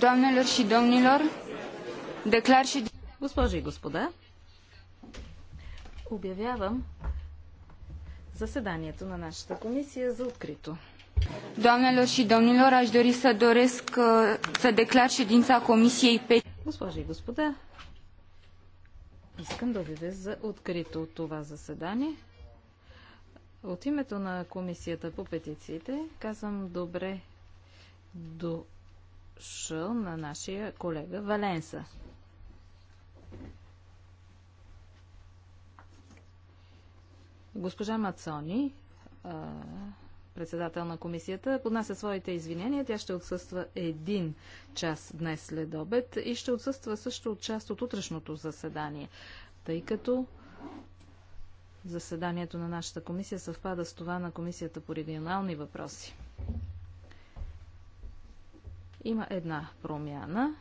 Doamnelor și domnilor, declar și... Госпожи и господа, обявявам заседанието на нашата комисия за открито. Doamnelor și domnilor, aș dori să doresc uh, să declar ședința Comisiei pe... Госпожи и господа, искам да обявя за открито това заседание. От името на Комисията по петициите казвам добре до шъл на нашия колега Валенса. Госпожа Мацони, председател на комисията, поднася своите извинения. Тя ще отсъства един час днес след обед и ще отсъства също от част от утрешното заседание, тъй като заседанието на нашата комисия съвпада с това на комисията по регионални въпроси. Има една промяна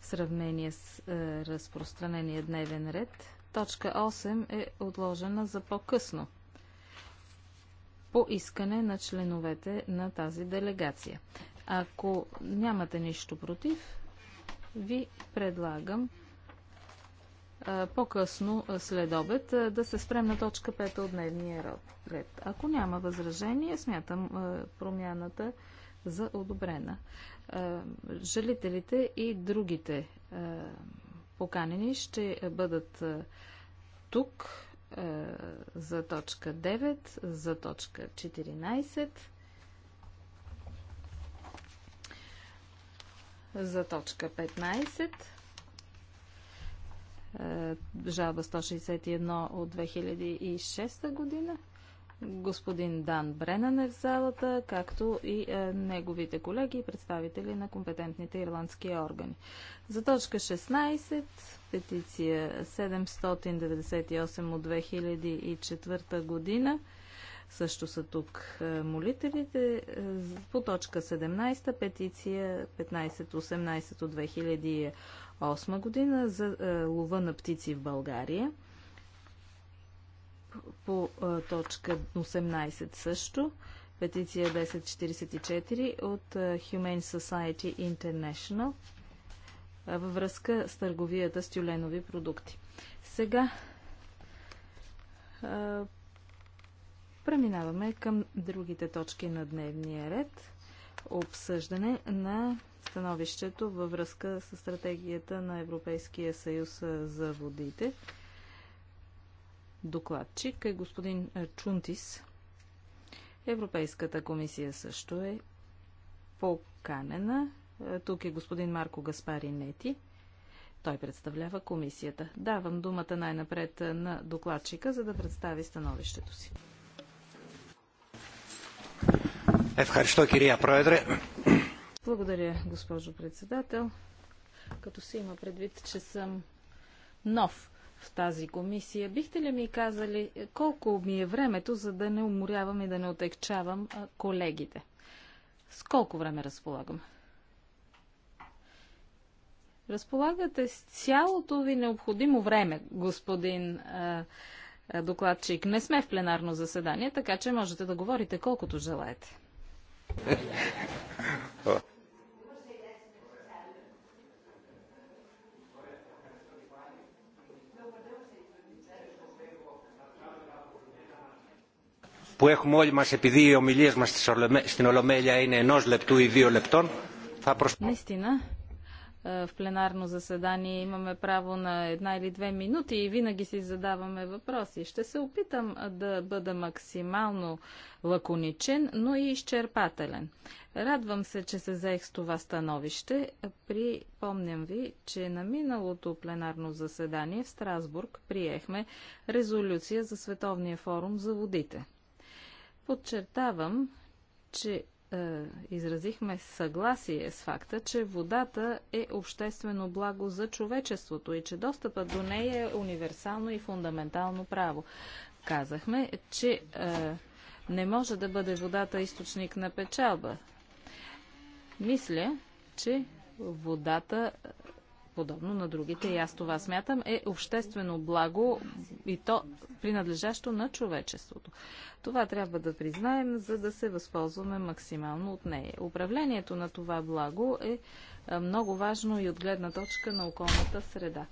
в сравнение с е, разпространение дневен ред. Точка 8 е отложена за по-късно по искане на членовете на тази делегация. Ако нямате нищо против, ви предлагам е, по-късно след обед е, да се спрем на точка 5 от дневния ред. Ако няма възражение, смятам е, промяната за одобрена. Е, жалителите и другите е, поканени ще бъдат е, тук за точка 9, за точка 14, за точка 15 жалба 161 от 2006 година. Господин Дан Бренан е в залата, както и е, неговите колеги и представители на компетентните ирландски органи. За точка 16, петиция 798 от 2004 година, също са тук е, молителите. Е, по точка 17, петиция 1518 от 2008 година за е, лова на птици в България – по точка 18 също. Петиция 1044 от Humane Society International във връзка с търговията с тюленови продукти. Сега а, преминаваме към другите точки на дневния ред. Обсъждане на становището във връзка с стратегията на Европейския съюз за водите докладчик е господин е, Чунтис. Европейската комисия също е поканена. Е, тук е господин Марко Гаспари Нети. Той представлява комисията. Давам думата най-напред е, на докладчика, за да представи становището си. кирия Благодаря, госпожо председател. Като се има предвид, че съм нов в тази комисия. Бихте ли ми казали е, колко ми е времето, за да не уморявам и да не отекчавам колегите? С колко време разполагам? Разполагате с цялото ви необходимо време, господин докладчик. Не сме в пленарно заседание, така че можете да говорите колкото желаете. που έχουμε όλοι μας επειδή οι ομιλίες μας στην Ολομέλεια είναι ενός λεπτού ή δύο λεπτών θα προσπαθήσουμε в пленарно заседание имаме право на една или две минути и винаги си задаваме въпроси. Ще се опитам да бъда максимално лаконичен, но и изчерпателен. Радвам се, че се заех с това становище. Припомням ви, че на миналото пленарно заседание в Страсбург приехме резолюция за Световния форум за водите. Подчертавам, че е, изразихме съгласие с факта, че водата е обществено благо за човечеството и че достъпът до нея е универсално и фундаментално право. Казахме, че е, не може да бъде водата източник на печалба. Мисля, че водата подобно на другите. И аз това смятам е обществено благо и то принадлежащо на човечеството. Това трябва да признаем, за да се възползваме максимално от нея. Управлението на това благо е много важно и от гледна точка на околната среда.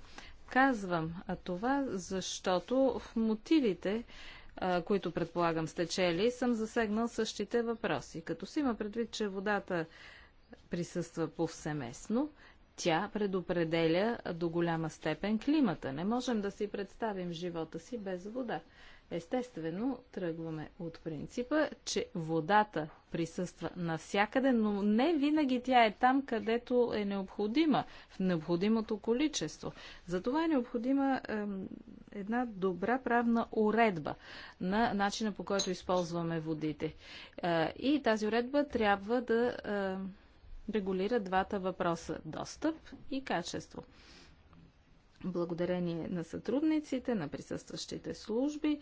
Казвам това, защото в мотивите които предполагам сте чели, съм засегнал същите въпроси. Като си има предвид, че водата присъства повсеместно, тя предопределя до голяма степен климата. Не можем да си представим живота си без вода. Естествено, тръгваме от принципа, че водата присъства навсякъде, но не винаги тя е там, където е необходима, в необходимото количество. Затова е необходима е, една добра правна уредба на начина по който използваме водите. Е, и тази уредба трябва да. Е, регулира двата въпроса – достъп и качество. Благодарение на сътрудниците, на присъстващите служби,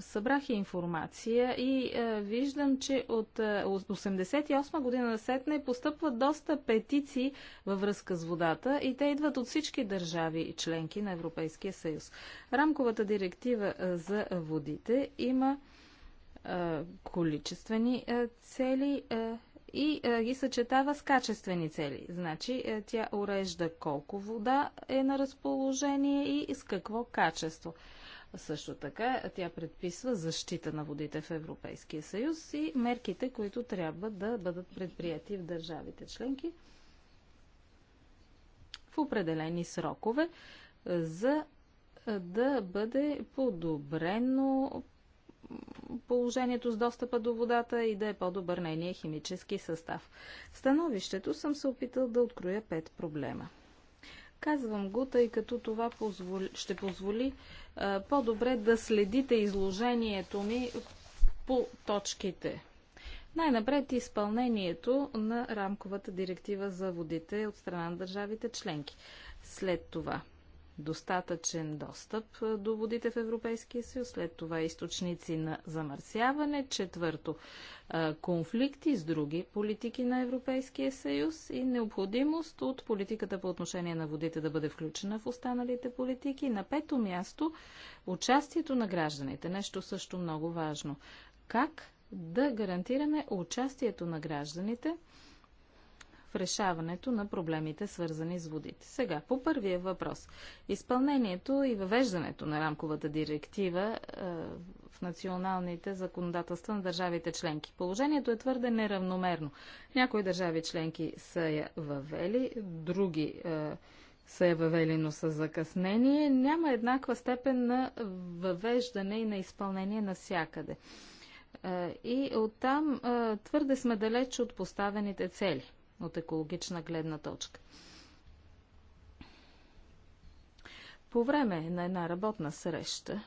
събрах информация и виждам, че от 1988 година сетне постъпват доста петиции във връзка с водата и те идват от всички държави и членки на Европейския съюз. Рамковата директива за водите има количествени цели и ги съчетава с качествени цели. Значи тя урежда колко вода е на разположение и с какво качество. Също така тя предписва защита на водите в Европейския съюз и мерките, които трябва да бъдат предприяти в държавите членки в определени срокове, за да бъде подобрено положението с достъпа до водата и да е по-добър нейния химически състав. В становището съм се опитал да откроя пет проблема. Казвам го, тъй като това позволи, ще позволи по-добре да следите изложението ми по точките. Най-напред изпълнението на рамковата директива за водите от страна на държавите членки. След това достатъчен достъп до водите в Европейския съюз, след това източници на замърсяване, четвърто конфликти с други политики на Европейския съюз и необходимост от политиката по отношение на водите да бъде включена в останалите политики. На пето място участието на гражданите, нещо също много важно. Как да гарантираме участието на гражданите – в решаването на проблемите, свързани с водите. Сега, по първия въпрос. Изпълнението и въвеждането на рамковата директива е, в националните законодателства на държавите членки. Положението е твърде неравномерно. Някои държави членки са я въвели, други е, са я въвели, но са закъснение. Няма еднаква степен на въвеждане и на изпълнение навсякъде. Е, и оттам твърде сме далеч от поставените цели от екологична гледна точка. По време на една работна среща,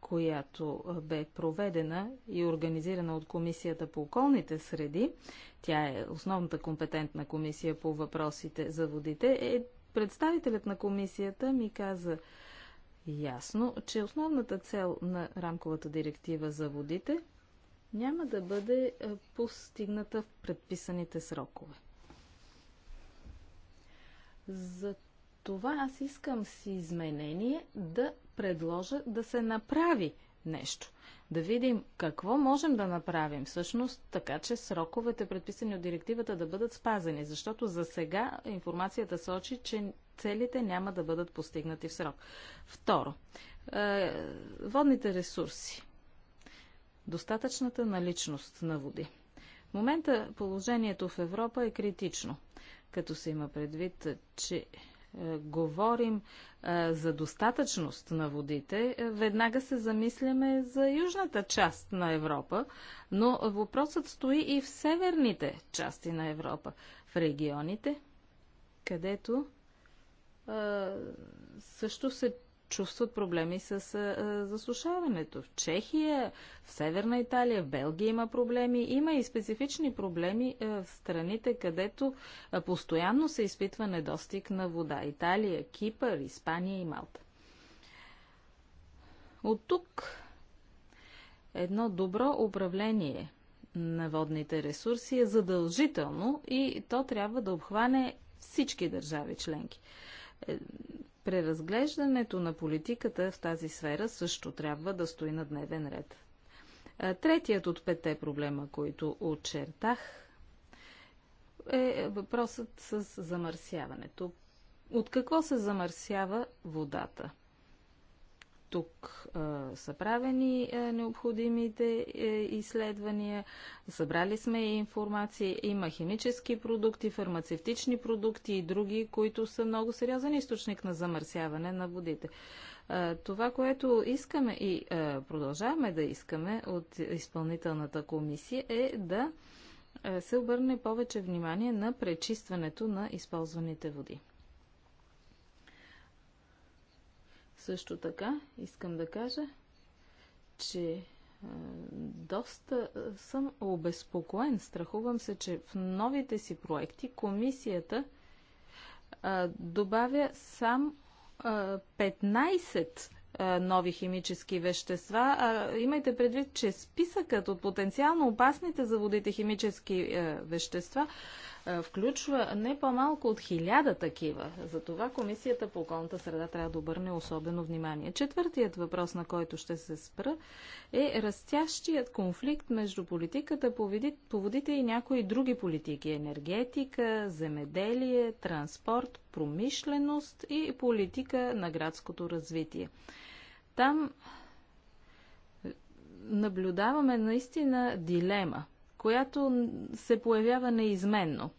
която бе проведена и организирана от Комисията по околните среди, тя е основната компетентна комисия по въпросите за водите, е представителят на комисията ми каза ясно, че основната цел на рамковата директива за водите няма да бъде постигната в предписаните срокове. За това аз искам си изменение да предложа да се направи нещо. Да видим какво можем да направим всъщност, така че сроковете, предписани от директивата, да бъдат спазени, защото за сега информацията сочи, че целите няма да бъдат постигнати в срок. Второ, е, водните ресурси. Достатъчната наличност на води. В момента положението в Европа е критично като се има предвид, че е, говорим е, за достатъчност на водите, е, веднага се замисляме за южната част на Европа, но въпросът стои и в северните части на Европа, в регионите, където също се чувстват проблеми с засушаването. В Чехия, в Северна Италия, в Белгия има проблеми. Има и специфични проблеми в страните, където постоянно се изпитва недостиг на вода. Италия, Кипър, Испания и Малта. От тук едно добро управление на водните ресурси е задължително и то трябва да обхване всички държави членки. Е, Преразглеждането на политиката в тази сфера също трябва да стои на дневен ред. Третият от петте проблема, които очертах, е въпросът с замърсяването. От какво се замърсява водата? Тук а, са правени а, необходимите а, е, изследвания, събрали сме и информация. Има химически продукти, фармацевтични продукти и други, които са много сериозен източник на замърсяване на водите. А, това, което искаме и а, продължаваме да искаме от изпълнителната комисия е да се обърне повече внимание на пречистването на използваните води. Също така искам да кажа, че е, доста е, съм обезпокоен. Страхувам се, че в новите си проекти комисията а, е, добавя сам а, 15 нови химически вещества. А, имайте предвид, че списъкът от потенциално опасните за водите химически вещества е, включва не по-малко от хиляда такива. Затова Комисията по околната среда трябва да обърне особено внимание. Четвъртият въпрос, на който ще се спра, е растящият конфликт между политиката по водите и някои други политики. Енергетика, земеделие, транспорт, промишленост и политика на градското развитие. Там е, наблюдаваме наистина дилема която се появява неизменно.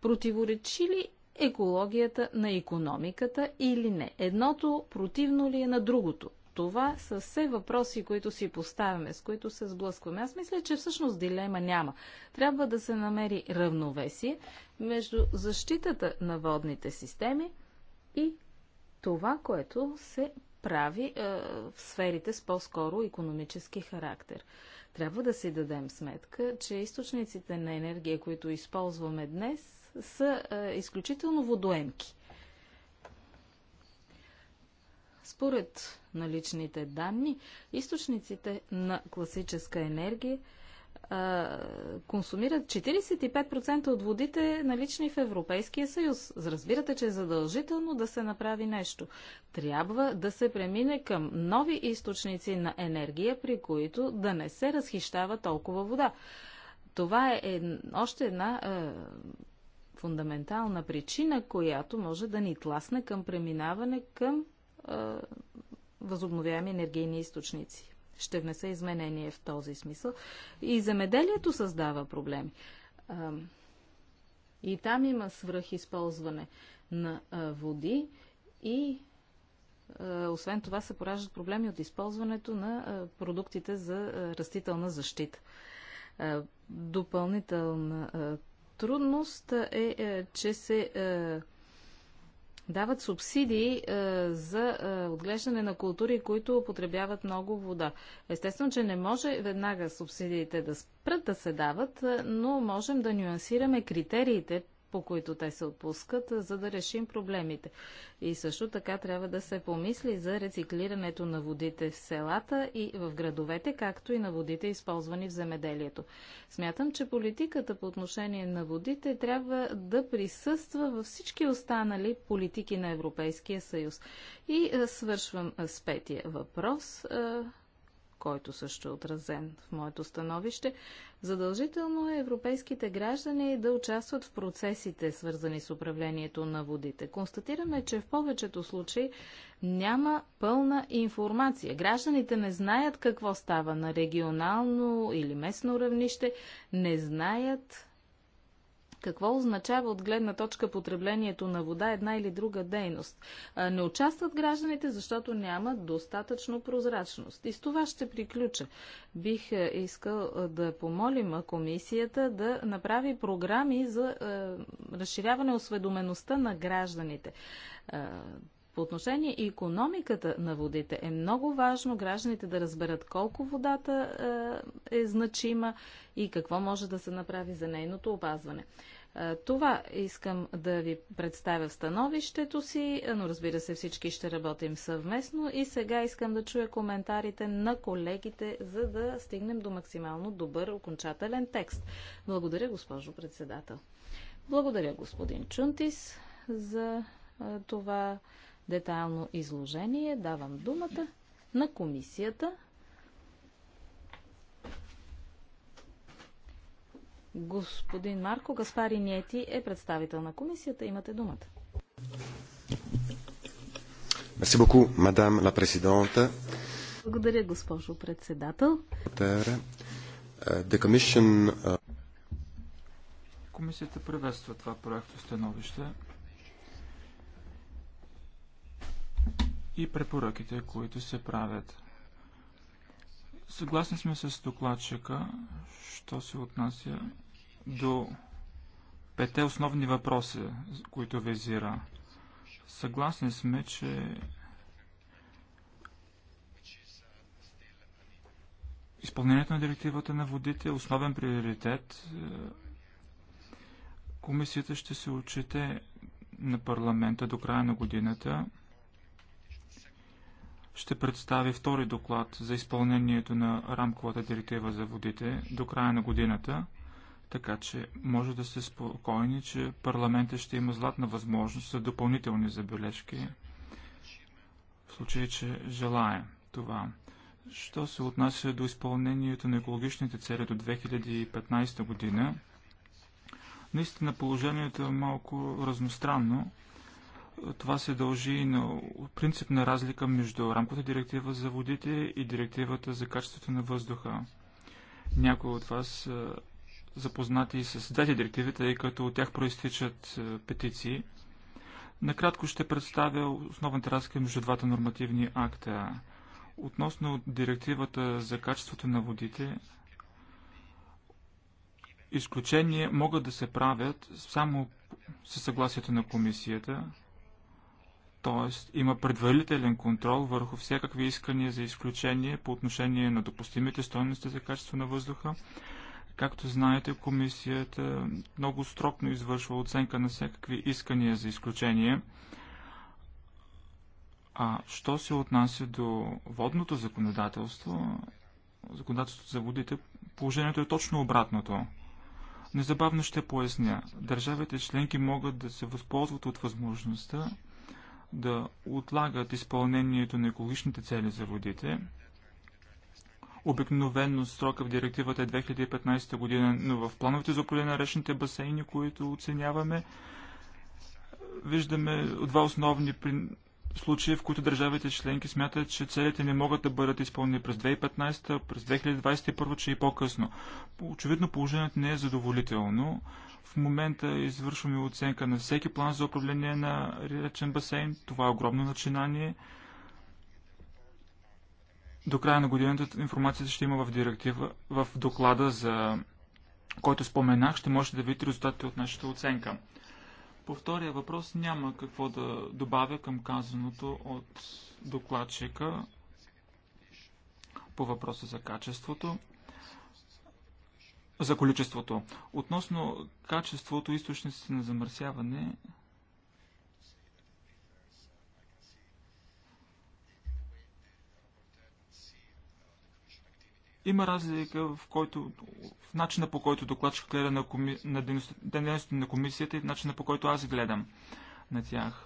Противоречи ли екологията на економиката или не? Едното противно ли е на другото? Това са все въпроси, които си поставяме, с които се сблъскваме. Аз мисля, че всъщност дилема няма. Трябва да се намери равновесие между защитата на водните системи и това, което се прави е, в сферите с по-скоро економически характер. Трябва да си дадем сметка, че източниците на енергия, които използваме днес, са а, е, изключително водоемки. Според наличните данни, източниците на класическа енергия – консумират 45% от водите налични в Европейския съюз. Разбирате, че е задължително да се направи нещо. Трябва да се премине към нови източници на енергия, при които да не се разхищава толкова вода. Това е, е още една е, фундаментална причина, която може да ни тласне към преминаване към е, възобновяеми енергийни източници ще внеса изменение в този смисъл. И земеделието създава проблеми. И там има свръхизползване на води и освен това се пораждат проблеми от използването на продуктите за растителна защита. Допълнителна трудност е, е, че се дават субсидии а, е, за а, е, отглеждане на култури, които употребяват много вода. Естествено, че не може веднага субсидиите да спрат да се дават, е, но можем да нюансираме критериите, по които те се отпускат, за да решим проблемите. И също така трябва да се помисли за рециклирането на водите в селата и в градовете, както и на водите, използвани в земеделието. Смятам, че политиката по отношение на водите трябва да присъства във всички останали политики на Европейския съюз. И е, свършвам е, с петия въпрос е, който също е отразен в моето становище. Задължително е европейските граждани да участват в процесите, свързани с управлението на водите. Констатираме, че в повечето случаи няма пълна информация. Гражданите не знаят какво става на регионално или местно равнище, не знаят какво означава от гледна точка потреблението на вода една или друга дейност? Не участват гражданите, защото няма достатъчно прозрачност. И с това ще приключа. Бих е, искал е, да помолим комисията да направи програми за е, разширяване осведомеността на гражданите по отношение и економиката на водите е много важно гражданите да разберат колко водата е, е значима и какво може да се направи за нейното опазване. Е, това искам да ви представя в становището си, но разбира се всички ще работим съвместно и сега искам да чуя коментарите на колегите, за да стигнем до максимално добър окончателен текст. Благодаря, госпожо председател. Благодаря, господин Чунтис, за е, това детайлно изложение. Давам думата на комисията. Господин Марко Гаспари Ниети е представител на комисията. Имате думата. Благодаря, госпожо председател. Euh, euh, комисията приветства това проекто становище. и препоръките, които се правят. Съгласни сме с докладчика, що се отнася до пете основни въпроси, които визира. Съгласни сме, че изпълнението на директивата на водите е основен приоритет. Комисията ще се отчете на парламента до края на годината ще представи втори доклад за изпълнението на рамковата директива за водите до края на годината, така че може да сте спокойни, че парламента ще има златна възможност за допълнителни забележки, в случай, че желая това. Що се отнася до изпълнението на екологичните цели до 2015 година, наистина положението е малко разностранно. Това се дължи и на принципна разлика между рамката директива за водите и директивата за качеството на въздуха. Някои от вас са е, запознати и с двете директиви, тъй като от тях проистичат е, петиции. Накратко ще представя основната разлика между двата нормативни акта. Относно директивата за качеството на водите, изключения могат да се правят само със съгласието на комисията, т.е. има предварителен контрол върху всякакви искания за изключение по отношение на допустимите стоености за качество на въздуха. Както знаете, комисията много строкно извършва оценка на всякакви искания за изключение. А що се отнася до водното законодателство, законодателството за водите, положението е точно обратното. Незабавно ще поясня. Държавите членки могат да се възползват от възможността да отлагат изпълнението на екологичните цели за водите. Обикновено срока в директивата е 2015 година, но в плановете за управление на речните басейни, които оценяваме, виждаме два основни случаи, в които държавите членки смятат, че целите не могат да бъдат изпълнени през 2015, през 2021, че и по-късно. Очевидно положението не е задоволително. В момента извършваме оценка на всеки план за управление на речен басейн. Това е огромно начинание. До края на годината информацията ще има в директива, в доклада за който споменах, ще можете да видите резултатите от нашата оценка. По втория въпрос няма какво да добавя към казаното от докладчика по въпроса за качеството. За количеството. Относно качеството, източниците на замърсяване, Има разлика в, който, в начина по който докладчик гледа на, коми... на дейността на комисията и в начина по който аз гледам на тях.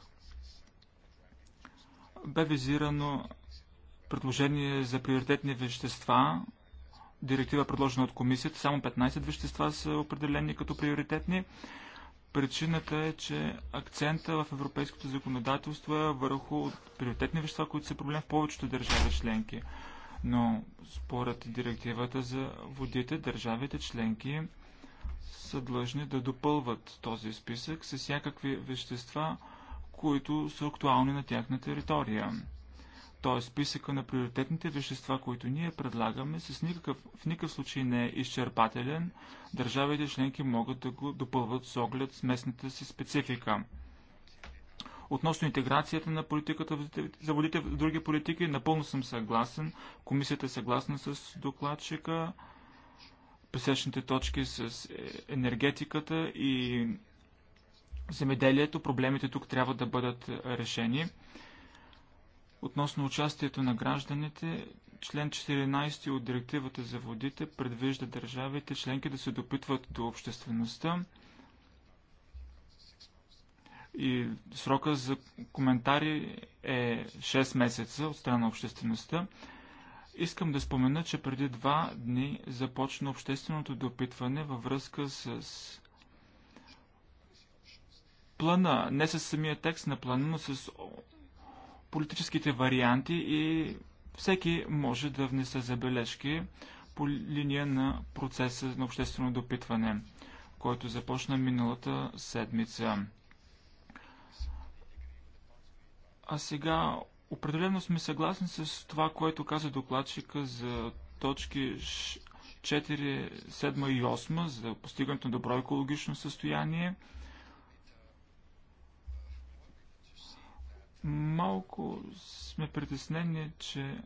Бе визирано предложение за приоритетни вещества, директива предложена от комисията. Само 15 вещества са определени като приоритетни. Причината е, че акцента в европейското законодателство е върху приоритетни вещества, които са проблем в повечето държави членки. Но според директивата за водите, държавите членки са длъжни да допълват този списък с всякакви вещества, които са актуални на тяхна територия. Тоест списъка на приоритетните вещества, които ние предлагаме, с никакъв, в никакъв случай не е изчерпателен. Държавите членки могат да го допълват с оглед с местната си специфика. Относно интеграцията на политиката за водите в други политики, напълно съм съгласен. Комисията е съгласна с докладчика. Пресечните точки с е, енергетиката и земеделието, проблемите тук трябва да бъдат е, решени. Относно участието на гражданите, член 14 от директивата за водите предвижда държавите членки да се допитват до обществеността и срока за коментари е 6 месеца от страна на обществеността. Искам да спомена, че преди два дни започна общественото допитване във връзка с плана, не с самия текст на плана, но с политическите варианти и всеки може да внесе забележки по линия на процеса на обществено допитване, който започна миналата седмица. А сега определено сме съгласни с това, което каза докладчика за точки 4, 7 и 8 за постигането на добро екологично състояние. Малко сме притеснени, че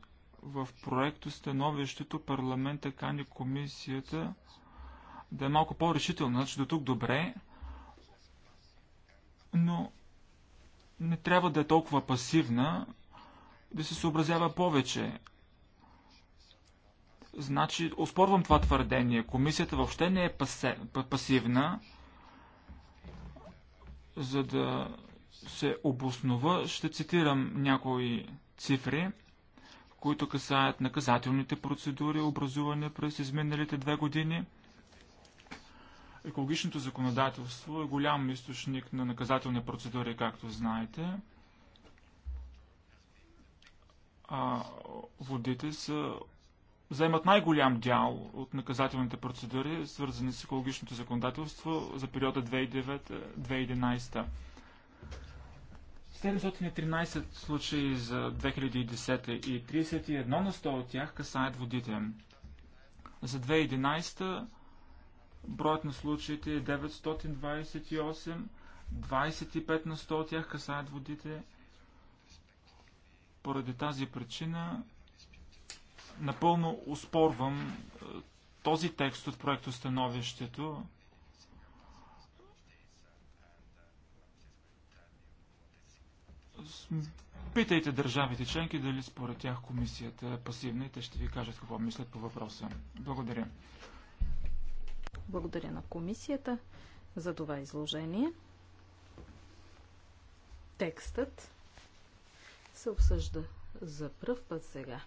в проекто становището парламента кани комисията да е малко по-решителна. Значи до тук добре, но не трябва да е толкова пасивна, да се съобразява повече. Значи, оспорвам това твърдение. Комисията въобще не е пасе, пасивна, за да се обоснова. Ще цитирам някои цифри, които касаят наказателните процедури, образувани през изминалите две години – Екологичното законодателство е голям източник на наказателни процедури, както знаете. А, водите са, заемат най-голям дял от наказателните процедури, свързани с екологичното законодателство за периода 2009-2011. 713 случаи за 2010 и 31 на 100 от тях касаят водите. За 2011 Броят на случаите е 928, 25 на 100 от тях касаят водите. Поради тази причина напълно успорвам е, този текст от проекто становището. Питайте държавите членки дали според тях комисията е пасивна и те ще ви кажат какво мислят по въпроса. Благодаря. Благодаря на комисията за това изложение. Текстът се обсъжда за пръв път сега.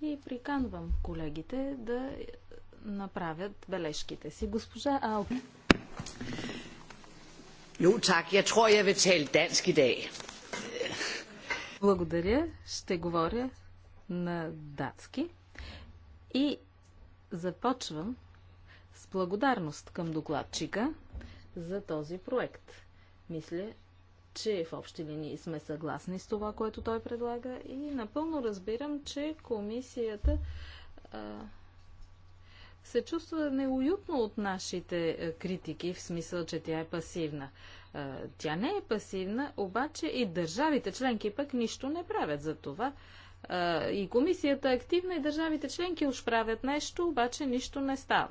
И приканвам колегите да направят бележките си. Госпожа Алби. Jo, tak. Jeg tror, jeg vil tale dansk i dag. Благодаря. Ще говоря на датски. И започвам благодарност към докладчика за този проект. Мисля, че в общи линии сме съгласни с това, което той предлага и напълно разбирам, че комисията а, се чувства неуютно от нашите критики, в смисъл, че тя е пасивна. А, тя не е пасивна, обаче и държавите членки пък нищо не правят за това. А, и комисията е активна, и държавите членки уж правят нещо, обаче нищо не става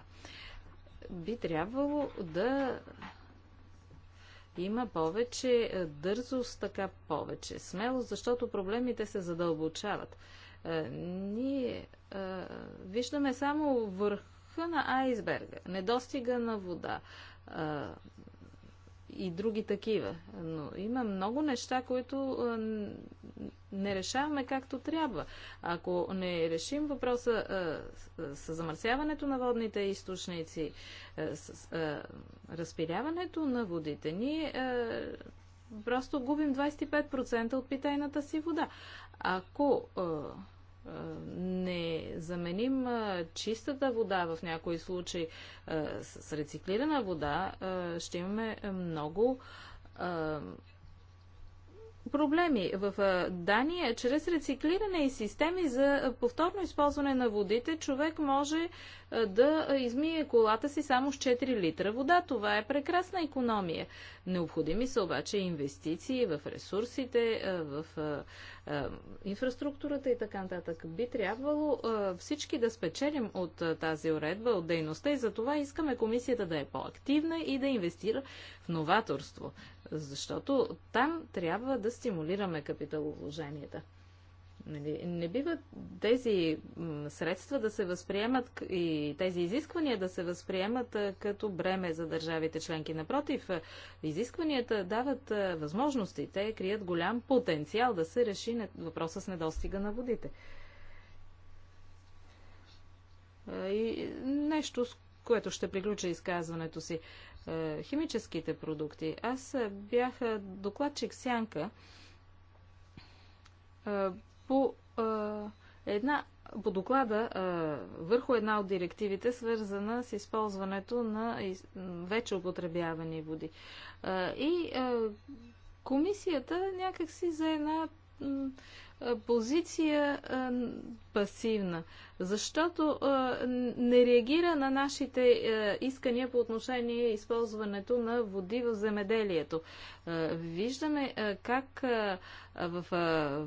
би трябвало да има повече е, дързост, така повече смелост, защото проблемите се задълбочават. Е, ние е, виждаме само върха на айсберга, недостига на вода, и други такива. Но има много неща, които не решаваме както трябва. Ако не решим въпроса с замърсяването на водните източници, с разпиляването на водите, ние просто губим 25% от питайната си вода. Ако не заменим чистата вода в някои случаи с рециклирана вода, ще имаме много проблеми. В Дания, чрез рециклиране и системи за повторно използване на водите, човек може да измие колата си само с 4 литра вода. Това е прекрасна економия. Необходими са обаче инвестиции в ресурсите, в инфраструктурата и така нататък. Би трябвало всички да спечелим от тази уредба, от дейността и за това искаме комисията да е по-активна и да инвестира в новаторство, защото там трябва да стимулираме капиталовложенията. Нали, не бива тези средства да се възприемат и тези изисквания да се възприемат като бреме за държавите членки. Напротив, изискванията дават възможности. Те крият голям потенциал да се реши въпроса с недостига на водите. И нещо, с което ще приключа изказването си. Химическите продукти. Аз бях докладчик Сянка по една по доклада върху една от директивите, свързана с използването на вече употребявани води. И комисията някакси за една позиция пасивна, защото не реагира на нашите искания по отношение използването на води в земеделието. Виждаме как в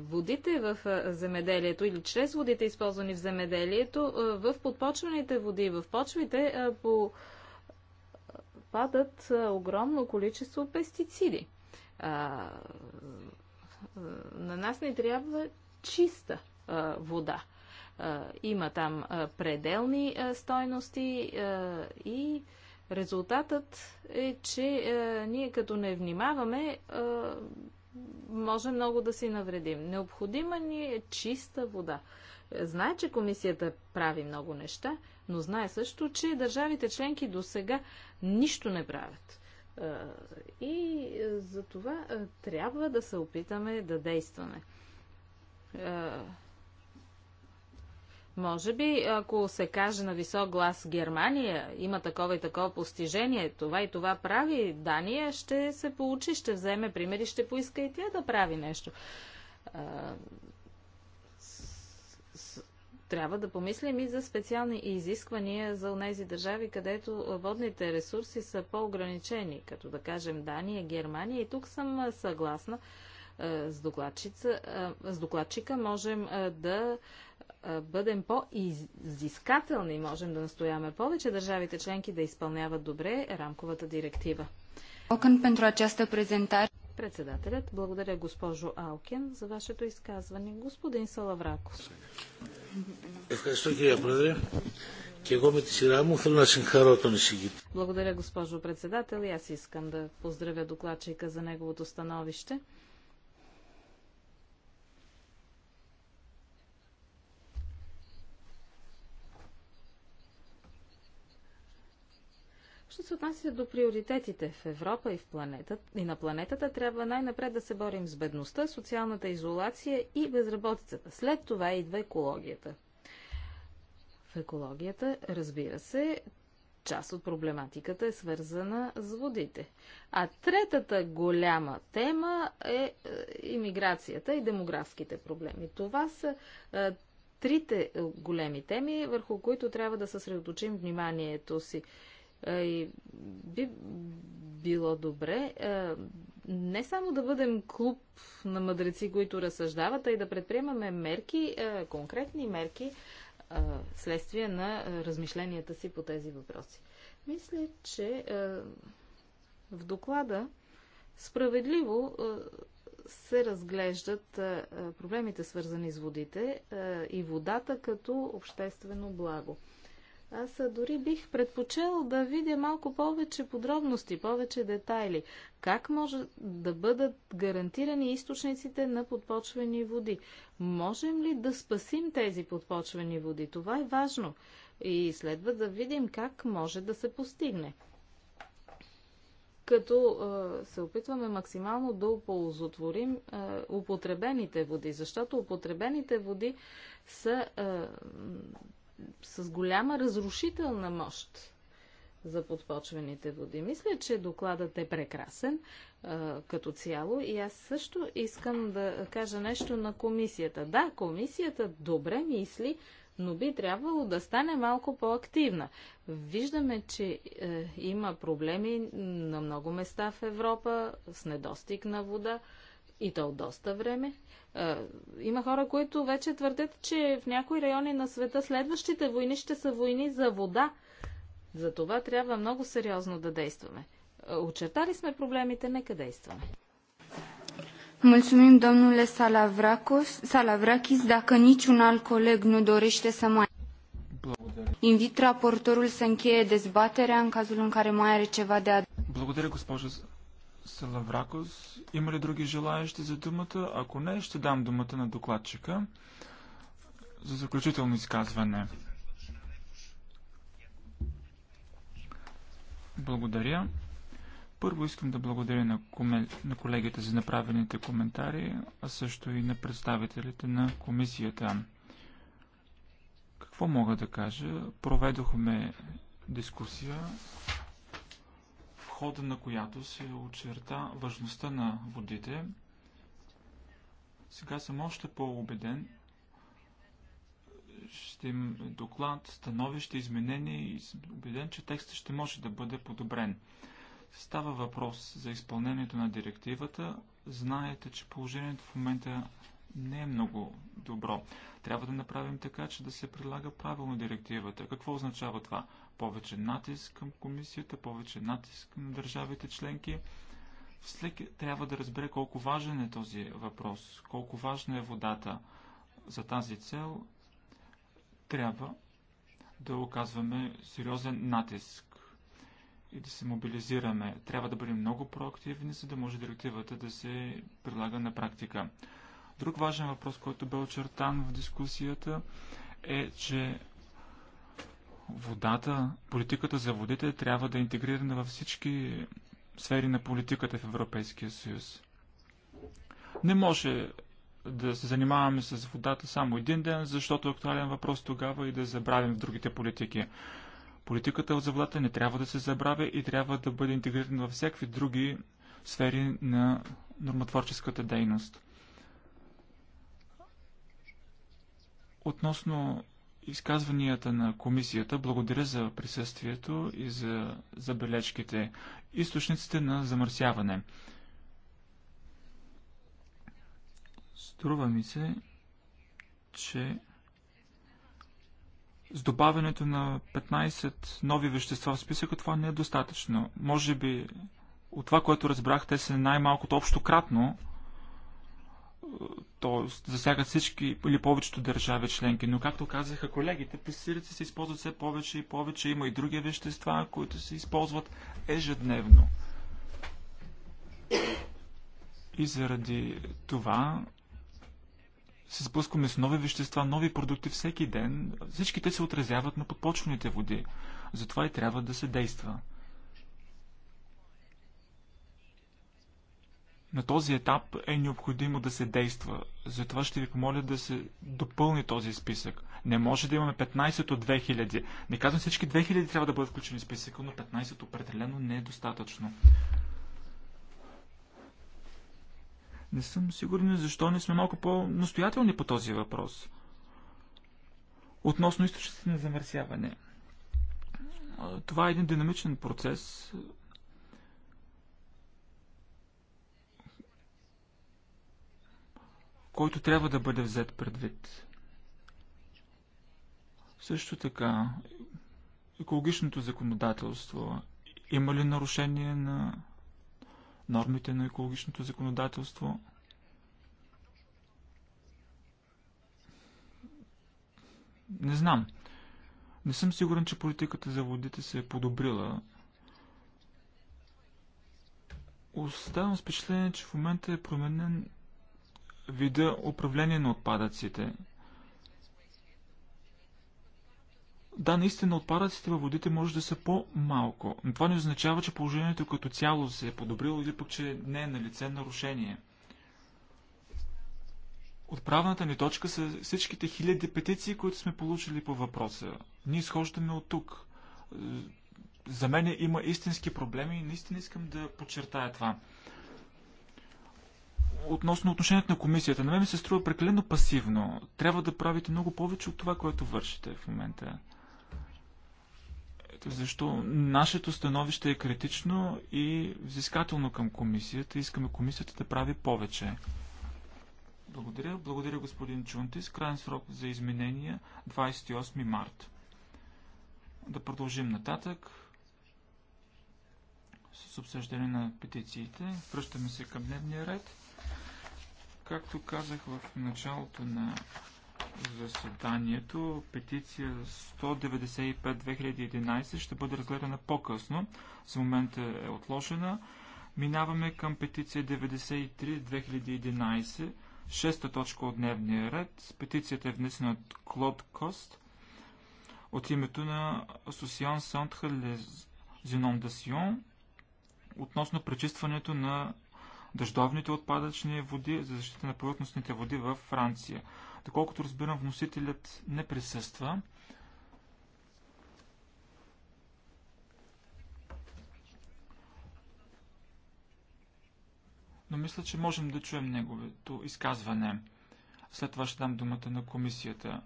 водите в земеделието или чрез водите използвани в земеделието, в подпочвените води, в почвите по падат огромно количество пестициди е, на нас не трябва чиста е, вода. Е, има там пределни стойности и резултатът е, че ние като не внимаваме, може много да си навредим. Необходима ни е чиста вода. Знае, че комисията прави много неща, но знае също, че държавите членки до сега нищо не правят. И за това трябва да се опитаме да действаме. Може би, ако се каже на висок глас Германия, има такова и такова постижение, това и това прави, Дания ще се получи, ще вземе пример и ще поиска и тя да прави нещо трябва да помислим и за специални изисквания за тези държави, където водните ресурси са по-ограничени, като да кажем Дания, Германия. И тук съм съгласна с, с докладчика. Можем да бъдем по-изискателни, можем да настояваме повече държавите членки да изпълняват добре рамковата директива. Окън această Председателят, благодаря госпожо Алкин за вашето изказване. Господин Салавракос. Благодаря, госпожо председател. И аз искам да поздравя докладчика за неговото становище. Що се отнася до приоритетите в Европа и, в планета, и на планетата, трябва най-напред да се борим с бедността, социалната изолация и безработицата. След това идва екологията. В екологията, разбира се, част от проблематиката е свързана с водите. А третата голяма тема е, е иммиграцията и демографските проблеми. Това са е, трите е, големи теми, върху които трябва да съсредоточим вниманието си. И би било добре не само да бъдем клуб на мъдреци, които разсъждават, а и да предприемаме мерки, конкретни мерки, следствие на размишленията си по тези въпроси. Мисля, че в доклада справедливо се разглеждат проблемите, свързани с водите и водата като обществено благо. Аз дори бих предпочел да видя малко повече подробности, повече детайли. Как може да бъдат гарантирани източниците на подпочвени води? Можем ли да спасим тези подпочвени води? Това е важно. И следва да видим как може да се постигне. Като е, се опитваме максимално да оползотворим е, употребените води, защото употребените води са. Е, с голяма разрушителна мощ за подпочвените води. Мисля, че докладът е прекрасен а, като цяло и аз също искам да кажа нещо на комисията. Да, комисията добре мисли, но би трябвало да стане малко по-активна. Виждаме, че е, има проблеми на много места в Европа с недостиг на вода и то от доста време. Е, има хора, които вече твърдят, че в някои райони на света следващите войни ще са войни за вода. За това трябва много сериозно да действаме. Е, очертали сме проблемите, нека действаме. Mulțumim, domnule Salavrakos, Salavrakis. Dacă niciun alt coleg nu dorește să mai... Invit raportorul să încheie dezbaterea în cazul în care mai are ceva de adăugat. Благодаря, госпожо Салавракос. Има ли други желаящи за думата? Ако не, ще дам думата на докладчика за заключително изказване. Благодаря. Първо искам да благодаря на, коме... на колегите за направените коментари, а също и на представителите на комисията. Какво мога да кажа? Проведохме дискусия хода на която се очерта важността на водите. Сега съм още по-убеден. Ще им доклад, становище, изменение и съм убеден, че текстът ще може да бъде подобрен. Става въпрос за изпълнението на директивата. Знаете, че положението в момента не е много добро. Трябва да направим така, че да се прилага правилно директивата. Какво означава това? повече натиск към комисията, повече натиск на държавите членки. Всеки трябва да разбере колко важен е този въпрос, колко важна е водата. За тази цел трябва да оказваме сериозен натиск и да се мобилизираме. Трябва да бъдем много проактивни, за да може директивата да се прилага на практика. Друг важен въпрос, който бе очертан в дискусията е, че водата, политиката за водите трябва да е интегрирана във всички сфери на политиката в Европейския съюз. Не може да се занимаваме с водата само един ден, защото е актуален въпрос тогава и да забравим в другите политики. Политиката за водата не трябва да се забравя и трябва да бъде интегрирана във всякакви други сфери на нормотворческата дейност. Относно изказванията на комисията. Благодаря за присъствието и за забележките. Източниците на замърсяване. Струва ми се, че с добавянето на 15 нови вещества в списъка това не е достатъчно. Може би от това, което разбрах, те са най-малкото общо кратно т.е. засягат всички или повечето държави членки. Но както казаха колегите, пестицидите се използват все повече и повече. Има и други вещества, които се използват ежедневно. И заради това се сблъскваме с нови вещества, нови продукти всеки ден. Всички те се отразяват на подпочвените води. Затова и трябва да се действа. на този етап е необходимо да се действа. Затова ще ви помоля да се допълни този списък. Не може да имаме 15 от 2000. Не казвам всички 2000 трябва да бъдат включени в списъка, но 15 определено не е достатъчно. Не съм сигурен защо не сме малко по-настоятелни по този въпрос. Относно източниците на замърсяване. Това е един динамичен процес, който трябва да бъде взет предвид. Също така, екологичното законодателство. Има ли нарушение на нормите на екологичното законодателство? Не знам. Не съм сигурен, че политиката за водите се е подобрила. Оставам с впечатление, че в момента е променен вида управление на отпадъците. Да, наистина отпадъците във водите може да са по-малко, но това не означава, че положението като цяло се е подобрило или пък, че не е на лице нарушение. Отправната ни точка са всичките хиляди петиции, които сме получили по въпроса. Ние изхождаме от тук. За мен има истински проблеми и наистина искам да подчертая това относно отношението на комисията. На мен ми се струва прекалено пасивно. Трябва да правите много повече от това, което вършите в момента. Ето защо нашето становище е критично и взискателно към комисията. Искаме комисията да прави повече. Благодаря. Благодаря господин Чунтис. Крайен срок за изменения 28 март. Да продължим нататък с обсъждане на петициите. Връщаме се към дневния ред. Както казах в началото на заседанието, петиция 195-2011 ще бъде разгледана по-късно. За момента е отложена. Минаваме към петиция 93-2011, шеста точка от дневния ред. Петицията е внесена от Клод Кост от името на Асосион Сантхалез Зенон Дасион относно пречистването на дъждовните отпадъчни води за защита на повърхностните води във Франция. Доколкото разбирам, вносителят не присъства. но мисля, че можем да чуем неговото изказване. След това ще дам думата на комисията.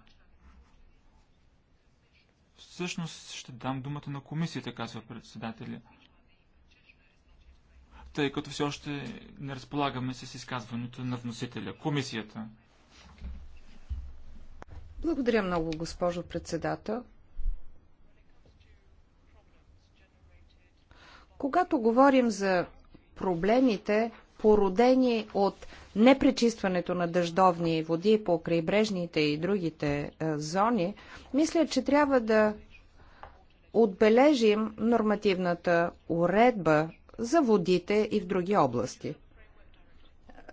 Всъщност ще дам думата на комисията, казва председателя тъй като все още не разполагаме с изказването на вносителя. Комисията. Благодаря много, госпожо председател. Когато говорим за проблемите, породени от непречистването на дъждовни води по крайбрежните и другите е, зони, мисля, че трябва да отбележим нормативната уредба за водите и в други области.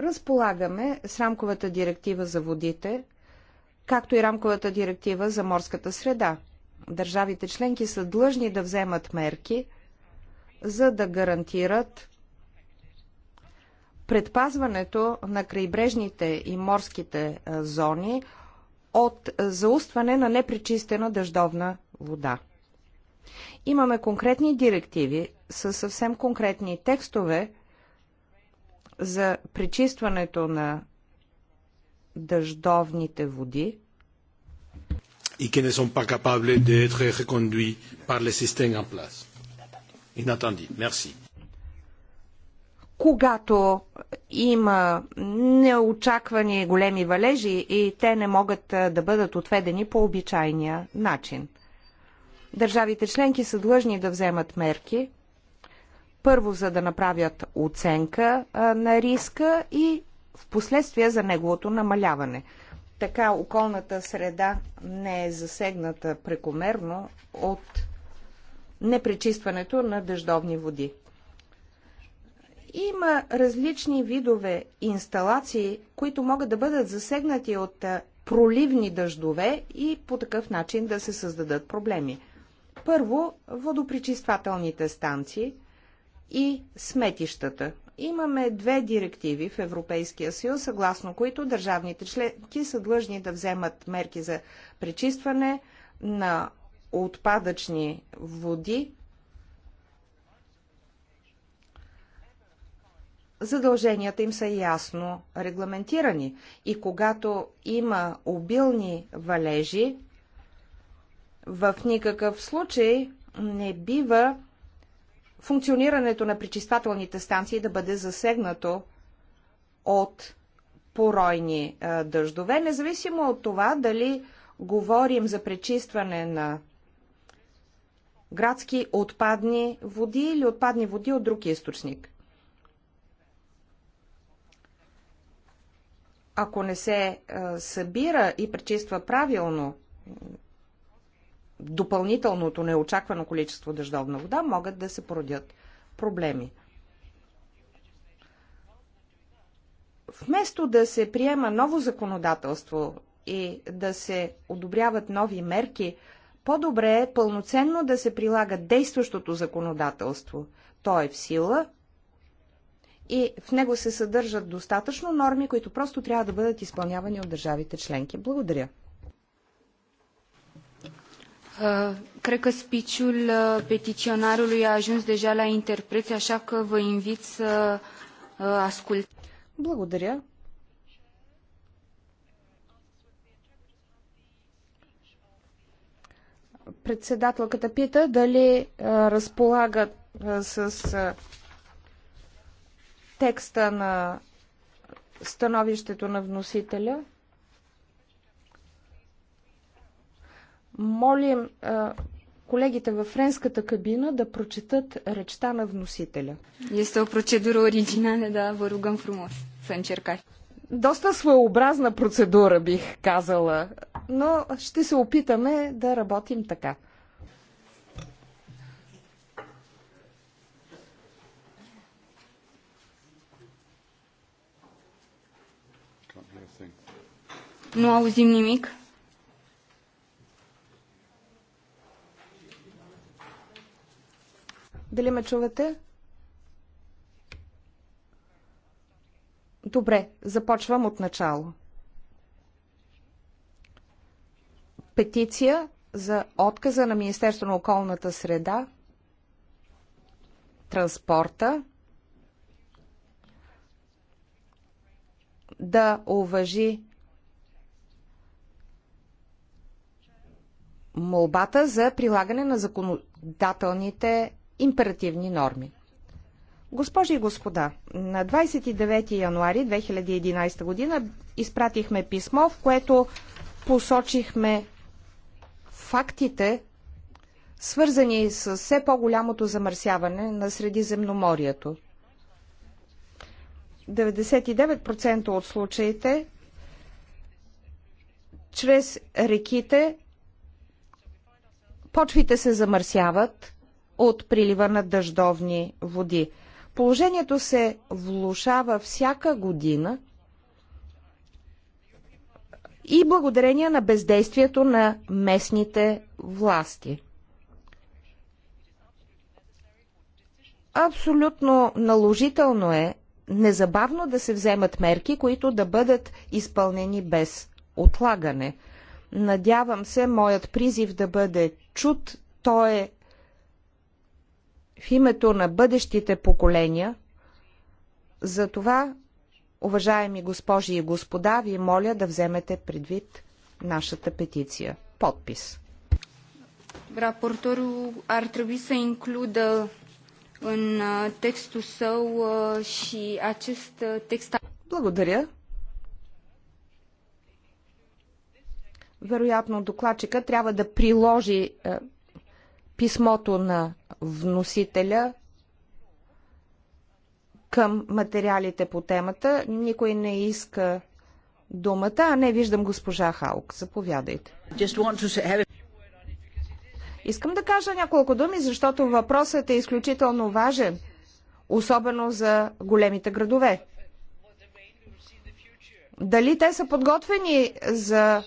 Разполагаме с рамковата директива за водите, както и рамковата директива за морската среда. Държавите членки са длъжни да вземат мерки, за да гарантират предпазването на крайбрежните и морските зони от заустване на непречистена дъждовна вода. Имаме конкретни директиви със съвсем конкретни текстове за пречистването на дъждовните води и que ne sont pas capables d'être reconduits par les systèmes en place. Inattendu. Мерси. Когато има неочаквани големи валежи и те не могат да бъдат отведени по обичайния начин. Държавите членки са длъжни да вземат мерки – първо, за да направят оценка на риска и в последствие за неговото намаляване. Така околната среда не е засегната прекомерно от непречистването на дъждовни води. Има различни видове инсталации, които могат да бъдат засегнати от проливни дъждове и по такъв начин да се създадат проблеми. Първо, водопречиствателните станции – и сметищата. Имаме две директиви в Европейския съюз, съгласно които държавните членки са длъжни да вземат мерки за пречистване на отпадъчни води. Задълженията им са ясно регламентирани и когато има обилни валежи, в никакъв случай не бива функционирането на пречиствателните станции да бъде засегнато от поройни дъждове, независимо от това дали говорим за пречистване на градски отпадни води или отпадни води от друг източник. Ако не се събира и пречиства правилно допълнителното неочаквано количество дъждовна вода, могат да се породят проблеми. Вместо да се приема ново законодателство и да се одобряват нови мерки, по-добре е пълноценно да се прилага действащото законодателство. То е в сила и в него се съдържат достатъчно норми, които просто трябва да бъдат изпълнявани от държавите членки. Благодаря. Uh, cred că speech-ul uh, petiționarului a ajuns deja la interpreți, așa că vă invit să uh, ascult. Благодаря. Председателката пита дали е, разполага е, с е, текста на становището на вносителя. Молим колегите във френската кабина да прочетат речта на вносителя. Este процедура оригинална, да, da, фрумос. rugăm frumos Доста своеобразна процедура, бих казала, но ще се опитаме да работим така. Nu auzim nimic. Дали ме чувате? Добре, започвам от начало. Петиция за отказа на Министерство на околната среда, транспорта, да уважи молбата за прилагане на законодателните императивни норми. Госпожи и господа, на 29 януари 2011 година изпратихме писмо, в което посочихме фактите, свързани с все по-голямото замърсяване на Средиземноморието. 99% от случаите чрез реките почвите се замърсяват, от прилива на дъждовни води. Положението се влушава всяка година и благодарение на бездействието на местните власти. Абсолютно наложително е незабавно да се вземат мерки, които да бъдат изпълнени без отлагане. Надявам се моят призив да бъде чут. Той е в името на бъдещите поколения. Затова, уважаеми госпожи и господа, ви моля да вземете предвид нашата петиция. Подпис. Рапортору ар trebui să инклюда în textul său și acest text. Благодаря. Вероятно докладчика трябва да приложи писмото на вносителя към материалите по темата. Никой не иска думата, а не виждам госпожа Халк. Заповядайте. Искам да кажа няколко думи, защото въпросът е изключително важен, особено за големите градове. Дали те са подготвени за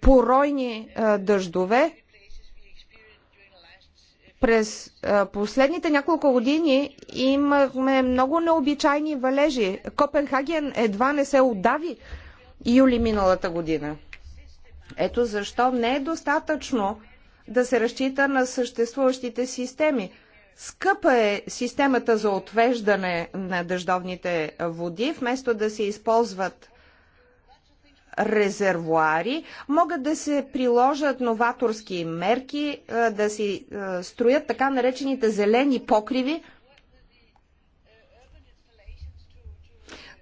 поройни дъждове? През последните няколко години имахме много необичайни валежи. Копенхаген едва не се отдави юли миналата година. Ето защо не е достатъчно да се разчита на съществуващите системи. Скъпа е системата за отвеждане на дъждовните води, вместо да се използват резервуари, могат да се приложат новаторски мерки, е, да се строят така наречените зелени покриви.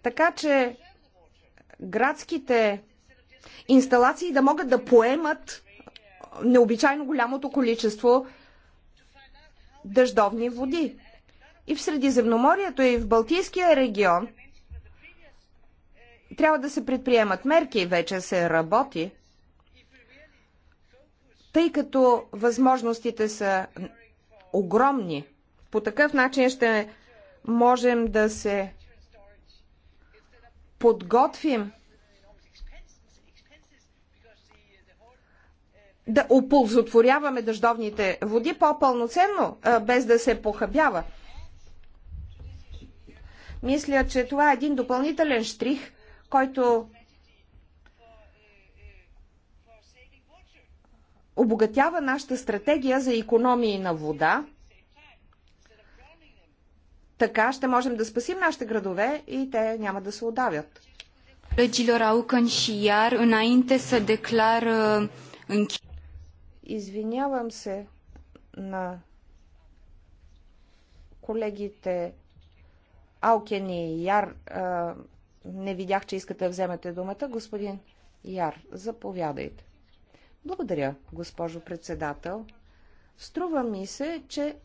Така че градските инсталации да могат да поемат необичайно голямото количество дъждовни води. И в Средиземноморието, и в Балтийския регион – трябва да се предприемат мерки, вече се работи, тъй като възможностите са огромни. По такъв начин ще можем да се подготвим да оползотворяваме дъждовните води по-пълноценно, без да се похабява. Мисля, че това е един допълнителен штрих който обогатява нашата стратегия за економии на вода. Така ще можем да спасим нашите градове и те няма да се удавят. înainte să declar uh, Извинявам се на колегите Аукен и Яр не видях, че искате да вземете думата. Господин Яр, заповядайте. Благодаря, госпожо председател. Струва ми се, че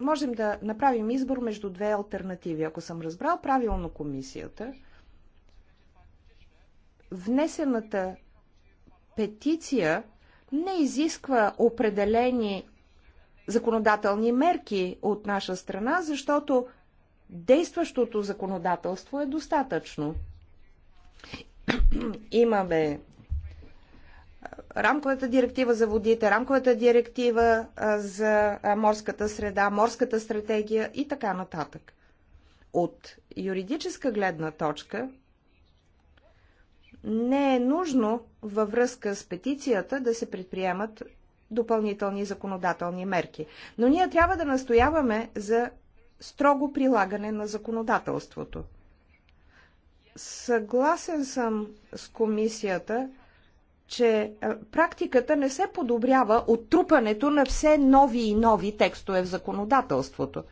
можем да направим избор между две альтернативи. Ако съм разбрал правилно комисията, внесената петиция не изисква определени законодателни мерки от наша страна, защото действащото законодателство е достатъчно. Имаме рамковата директива за водите, рамковата директива за морската среда, морската стратегия и така нататък. От юридическа гледна точка не е нужно във връзка с петицията да се предприемат допълнителни законодателни мерки. Но ние трябва да настояваме за строго прилагане на законодателството. Съгласен съм с комисията, че практиката не се подобрява от трупането на все нови и нови текстове в законодателството.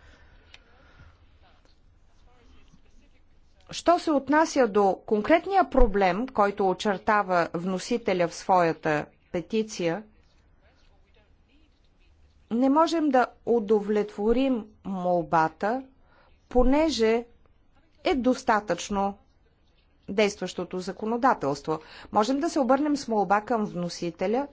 Що се отнася до конкретния проблем, който очертава вносителя в своята петиция – не можем да удовлетворим молбата, понеже е достатъчно действащото законодателство. Можем да се обърнем с молба към вносителя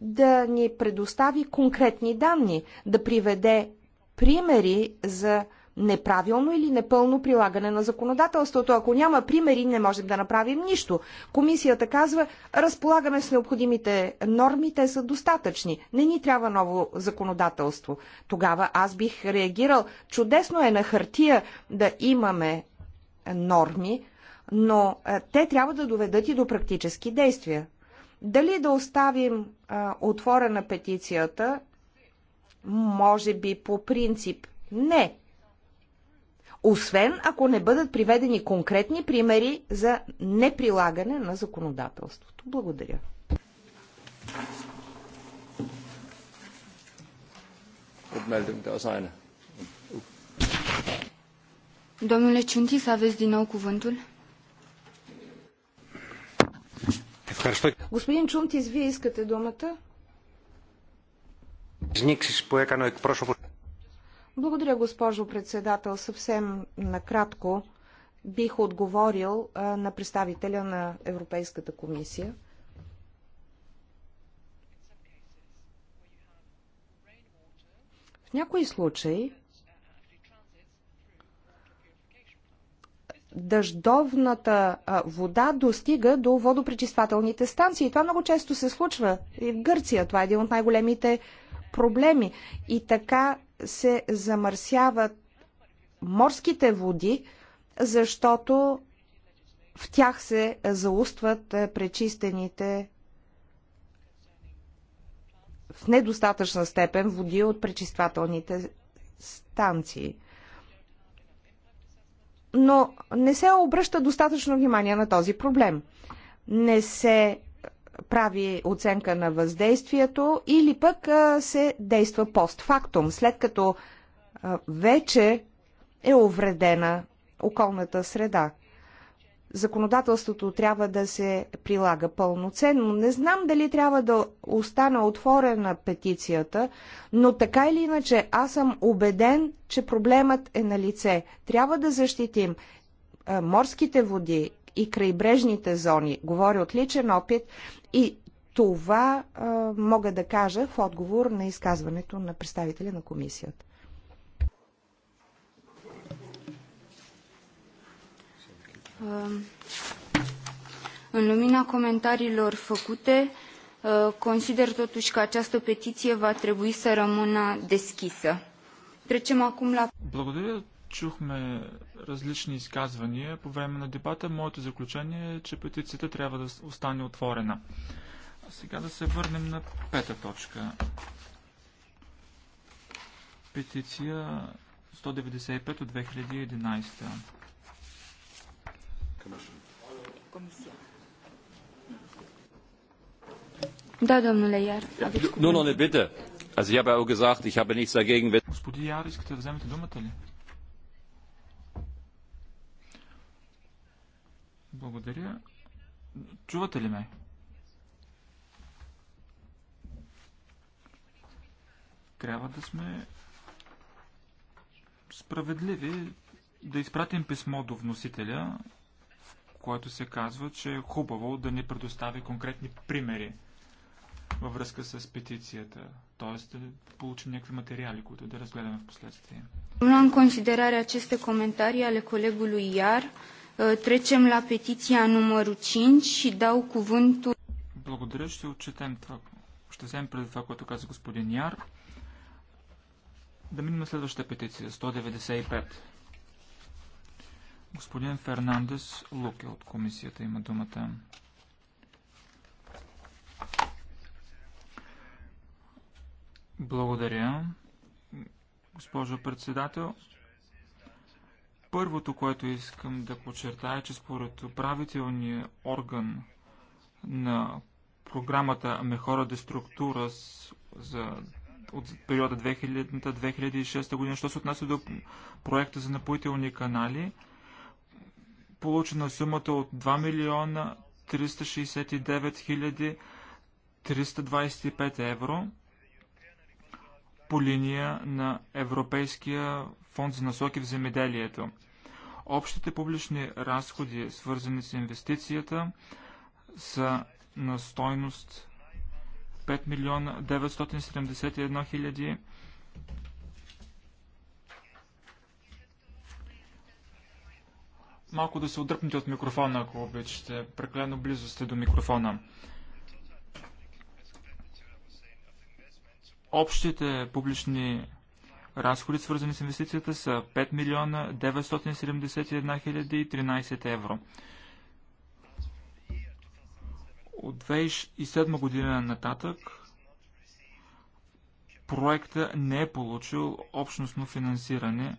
да ни предостави конкретни данни, да приведе примери за неправилно или непълно прилагане на законодателството. Ако няма примери, не можем да направим нищо. Комисията казва, разполагаме с необходимите норми, те са достатъчни. Не ни трябва ново законодателство. Тогава аз бих реагирал. Чудесно е на хартия да имаме норми, но е, те трябва да доведат и до практически действия. Дали да оставим а, отворена петицията, може би по принцип не, освен ако не бъдат приведени конкретни примери за неприлагане на законодателството. Благодаря. Domnule Ciuntis, aveți din nou cuvântul. Господин Чунтис, вие искате думата? Изниксис που έκανε ο εκπρόσωπος благодаря, госпожо председател. Съвсем накратко бих отговорил на представителя на Европейската комисия. В някои случаи дъждовната вода достига до водопречиствателните станции. Това много често се случва и в Гърция. Това е един от най-големите проблеми. И така се замърсяват морските води, защото в тях се заустват е, пречистените в недостатъчна степен води от пречиствателните станции. Но не се обръща достатъчно внимание на този проблем. Не се прави оценка на въздействието или пък се действа постфактум, след като вече е увредена околната среда. Законодателството трябва да се прилага пълноценно. Не знам дали трябва да остана отворена петицията, но така или иначе аз съм убеден, че проблемът е на лице. Трябва да защитим морските води и крайбрежните зони. Говоря от личен опит. И това а, мога да кажа в отговор на изказването на представителя на комисията. În lumina comentariilor făcute, consider totuși că această petiție va trebui să rămână deschisă. Trecem acum la... Благодаря. Чухме различни изказвания по време на дебата. Моето заключение е, че петицията трябва да остане отворена. А сега да се върнем на пета точка. Петиция 195 от 2011. Да, домнуле ich habe nichts dagegen. Яр, искате да вземете думата ли? Благодаря. Чувате ли ме? Трябва да сме справедливи да изпратим писмо до вносителя, в което се казва, че е хубаво да ни предостави конкретни примери във връзка с петицията. Тоест, да получим някакви материали, които да разгледаме в последствие. Имам în considerare aceste comentarii ale colegului Iar Trecem la petiția numărul 5 și dau cuvântul... Благодаря, ще отчетем това. Ще вземем преди това, което каза господин Яр. Да минем на следващата петиция, 195. Господин Фернандес Луке от комисията има думата. Благодаря, госпожо председател. Първото, което искам да подчертая, е, че според управителния орган на програмата Мехора де структура за от периода 2000-2006 година, що се отнася до проекта за напоителни канали, получена сумата от 2 милиона 369 325 евро – по линия на Европейския фонд за насоки в земеделието. Общите публични разходи, свързани с инвестицията, са на стойност 5 милиона 971 хиляди. Малко да се отдръпнете от микрофона, ако обичате. Преклено близо сте до микрофона. Общите публични разходи, свързани с инвестицията, са 5 милиона 971 013 евро. От 2007 година нататък проекта не е получил общностно финансиране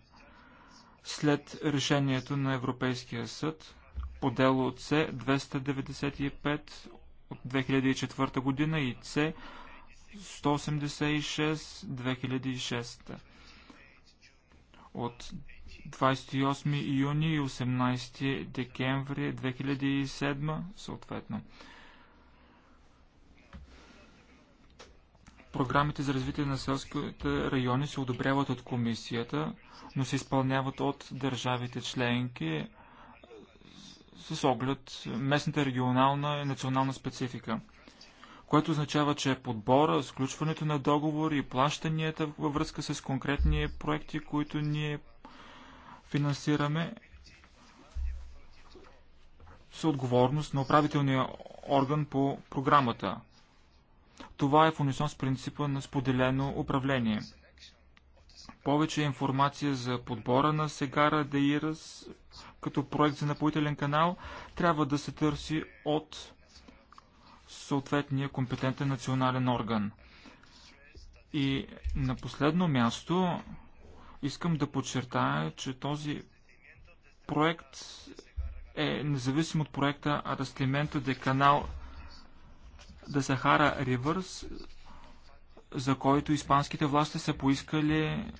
след решението на Европейския съд по дело С 295 от 2004 година и С 186-2006 от 28 юни и 18 декември 2007 съответно. Програмите за развитие на селските райони се одобряват от комисията, но се изпълняват от държавите членки с оглед местната регионална и национална специфика което означава, че подбора, сключването на договори и плащанията във връзка с конкретни проекти, които ние финансираме, са отговорност на управителния орган по програмата. Това е в унисон с принципа на споделено управление. Повече информация за подбора на Сегара Деирас като проект за напоителен канал трябва да се търси от съответния компетентен национален орган. И на последно място искам да подчертая, че този проект е независим от проекта Растименто де канал де Сахара Ривърс, за който испанските власти са поискали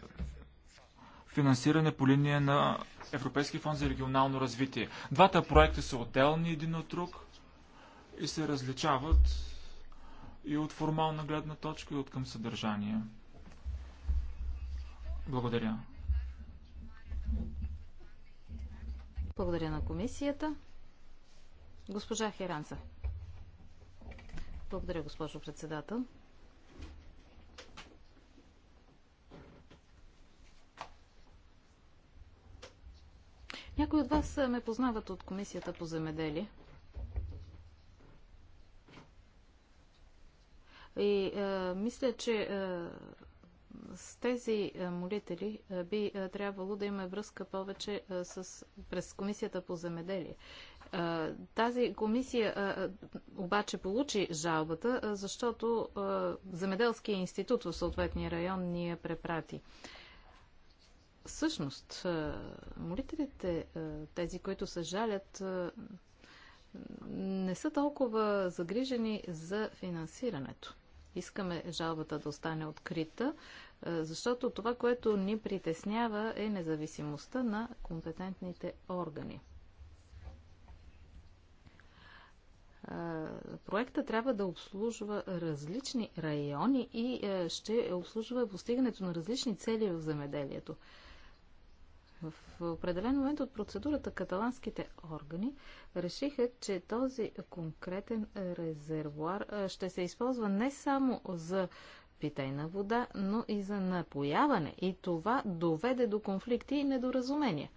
финансиране по линия на Европейски фонд за регионално развитие. Двата проекта са отделни един от друг – и се различават и от формална гледна точка, и от към съдържание. Благодаря. Благодаря на комисията. Госпожа Херанца. Благодаря, госпожо председател. Някои от вас ме познават от Комисията по земеделие. И а, е, мисля, че а, е, с тези е, молители би а, трябвало да има връзка повече а, с, през Комисията по земеделие. А, тази комисия а, обаче получи жалбата, а, защото а, Земеделския институт в съответния район ни я препрати. Всъщност, а, молителите, а, тези, които се жалят, а, не са толкова загрижени за финансирането. Искаме жалбата да остане открита, е, защото това, което ни притеснява е независимостта на компетентните органи. Е, проекта трябва да обслужва различни райони и е, ще обслужва постигането на различни цели в земеделието. В определен момент от процедурата каталанските органи решиха, че този конкретен резервуар ще се използва не само за питейна вода, но и за напояване. И това доведе до конфликти и недоразумения.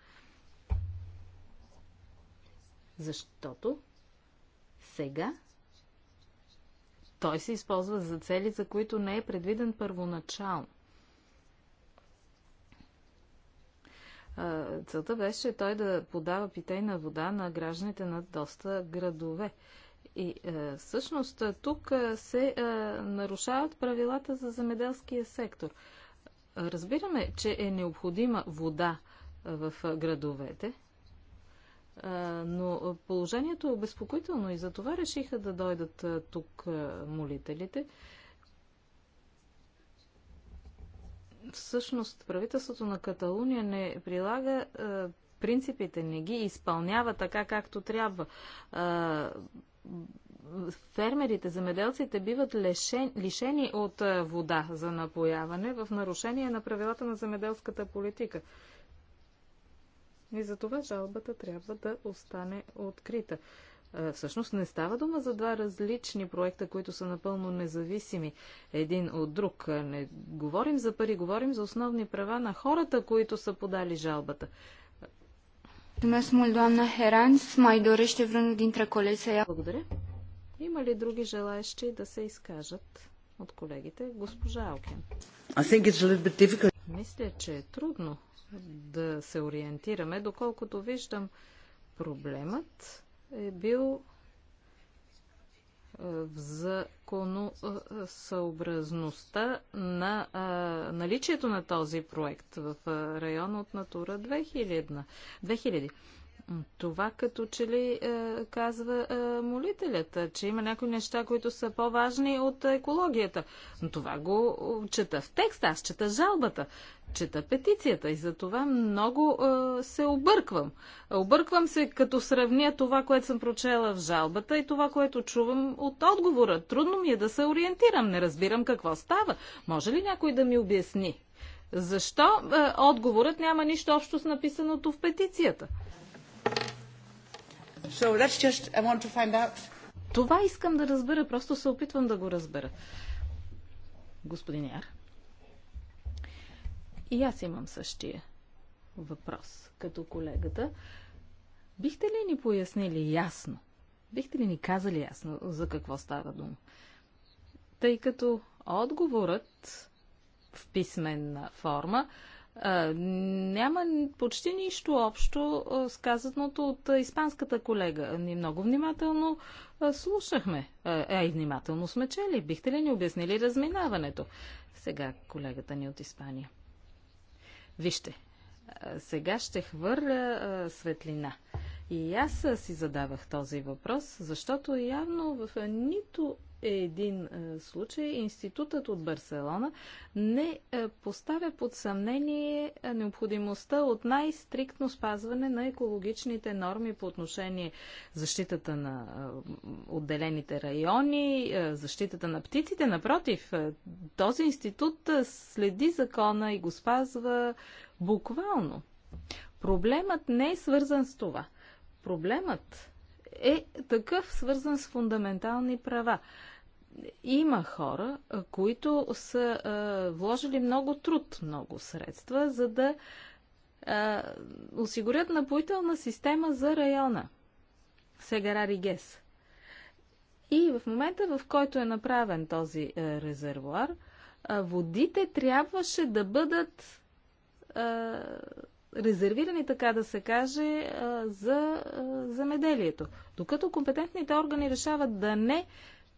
Защото сега той се използва за цели, за които не е предвиден първоначално. Целта беше той да подава питейна вода на гражданите на доста градове. И е, всъщност е, тук е, се е, нарушават правилата за земеделския сектор. Разбираме, че е необходима вода е, в градовете, но положението е обезпокоително и за това решиха да дойдат тук молителите. Всъщност, правителството на Каталуния не прилага е, принципите, не ги изпълнява така, както трябва е, фермерите, земеделците биват лишени, лишени от е, вода за напояване в нарушение на правилата на земеделската политика. И за това жалбата трябва да остане открита. Всъщност не става дума за два различни проекта, които са напълно независими един от друг. Не говорим за пари, говорим за основни права на хората, които са подали жалбата. Mulțumesc mult, doamna Heranz. Mai dorește vreunul dintre colegi să ia... Благодаря. Има ли други желаещи да се изкажат от колегите? Госпожа Алкен. I think it's a little bit difficult. Мисля, че е трудно да се ориентираме, доколкото виждам проблемът е бил е, в законосъобразността е, е, на а, наличието на този проект в района от Натура 2000. 2000. Това като че ли е, казва е, молителят, е, че има някои неща, които са по-важни от екологията. Но това го чета в текста, аз чета жалбата, чета петицията и за това много е, се обърквам. Обърквам се като сравня това, което съм прочела в жалбата и това, което чувам от отговора. Трудно ми е да се ориентирам, не разбирам какво става. Може ли някой да ми обясни? Защо е, отговорът няма нищо общо с написаното в петицията? So that's just, I want to find out. Това искам да разбера, просто се опитвам да го разбера. Господин Яр. И аз имам същия въпрос като колегата. Бихте ли ни пояснили ясно? Бихте ли ни казали ясно за какво става дума? Тъй като отговорът в писменна форма няма почти нищо общо с казаното от испанската колега. Ни много внимателно слушахме, е, а и внимателно сме чели. Бихте ли ни обяснили разминаването? Сега колегата ни от Испания. Вижте, сега ще хвърля светлина и аз си задавах този въпрос, защото явно в нито един е, случай институтът от Барселона не е, поставя под съмнение е, необходимостта от най-стриктно спазване на екологичните норми по отношение защитата на отделените райони, защитата на птиците. Напротив, този институт следи закона и го спазва буквално. Проблемът не е свързан с това – Проблемът е такъв, свързан с фундаментални права. Има хора, които са а, вложили много труд, много средства, за да а, осигурят напоителна система за района. Сегара Ригес. И в момента, в който е направен този а, резервуар, а, водите трябваше да бъдат резервирани, така да се каже, за замеделието. Докато компетентните органи решават да не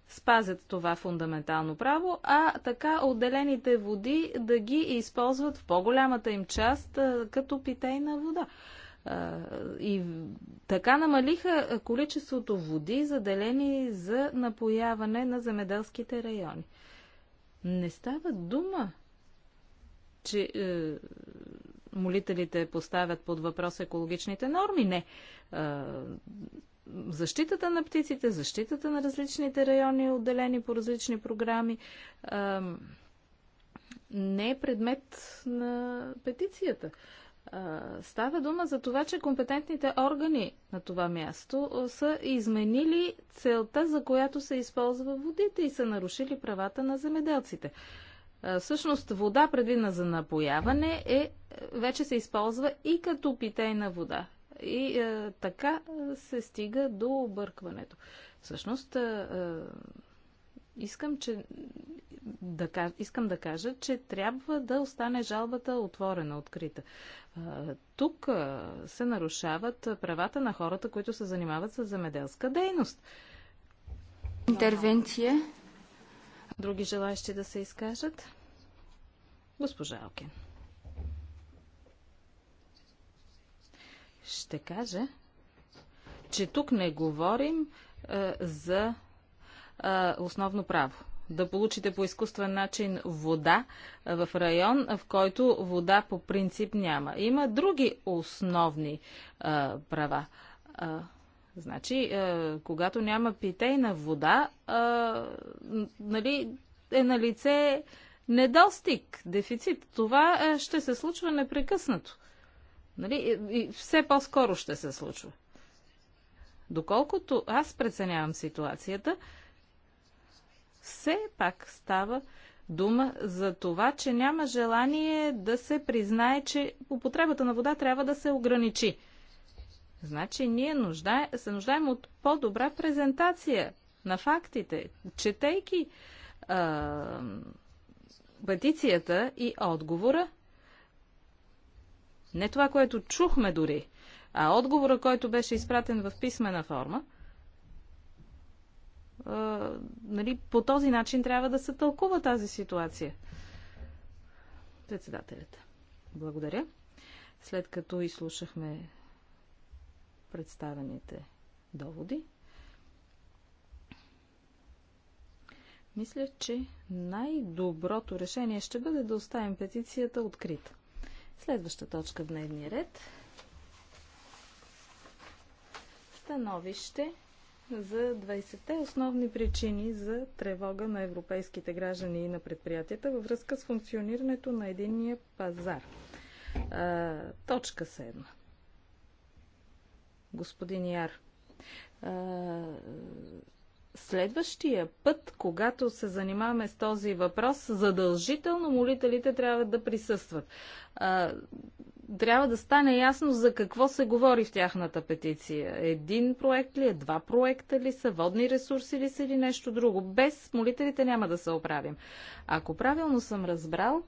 спазят това фундаментално право, а така отделените води да ги използват в по-голямата им част като питейна вода. И така намалиха количеството води, заделени за напояване на земеделските райони. Не става дума, че е, молителите поставят под въпрос екологичните норми? Не. Защитата на птиците, защитата на различните райони, отделени по различни програми, не е предмет на петицията. Става дума за това, че компетентните органи на това място са изменили целта, за която се използва водите и са нарушили правата на земеделците. Всъщност вода, предвидна за напояване, е, вече се използва и като питейна вода. И е, така се стига до объркването. Всъщност, е, искам, че, да, искам да кажа, че трябва да остане жалбата отворена, открита. Тук се нарушават правата на хората, които се занимават с земеделска дейност. Интервенция. Други желаящи да се изкажат? Госпожа Алкин. Ще кажа, че тук не говорим а, е, за а, е, основно право. Да получите по изкуствен начин вода е, в район, в който вода по принцип няма. Има други основни а, права. А, Значи, е, когато няма питейна вода, е, нали, е на лице недостиг, дефицит. Това е, ще се случва непрекъснато. Нали? И все по-скоро ще се случва. Доколкото аз преценявам ситуацията, все пак става дума за това, че няма желание да се признае, че употребата на вода трябва да се ограничи. Значи ние нуждае, се нуждаем от по-добра презентация на фактите, четейки а, петицията и отговора. Не това, което чухме дори, а отговора, който беше изпратен в писмена форма. А, нали, по този начин трябва да се тълкува тази ситуация. Председателят. Благодаря. След като изслушахме представените доводи. Мисля, че най-доброто решение ще бъде да оставим петицията открита. Следваща точка в дневния ред. Становище за 20-те основни причини за тревога на европейските граждани и на предприятията във връзка с функционирането на единния пазар. А, точка 7 господин Яр. Следващия път, когато се занимаваме с този въпрос, задължително молителите трябва да присъстват. Трябва да стане ясно за какво се говори в тяхната петиция. Един проект ли е, два проекта ли са, водни ресурси ли са или нещо друго. Без молителите няма да се оправим. Ако правилно съм разбрал,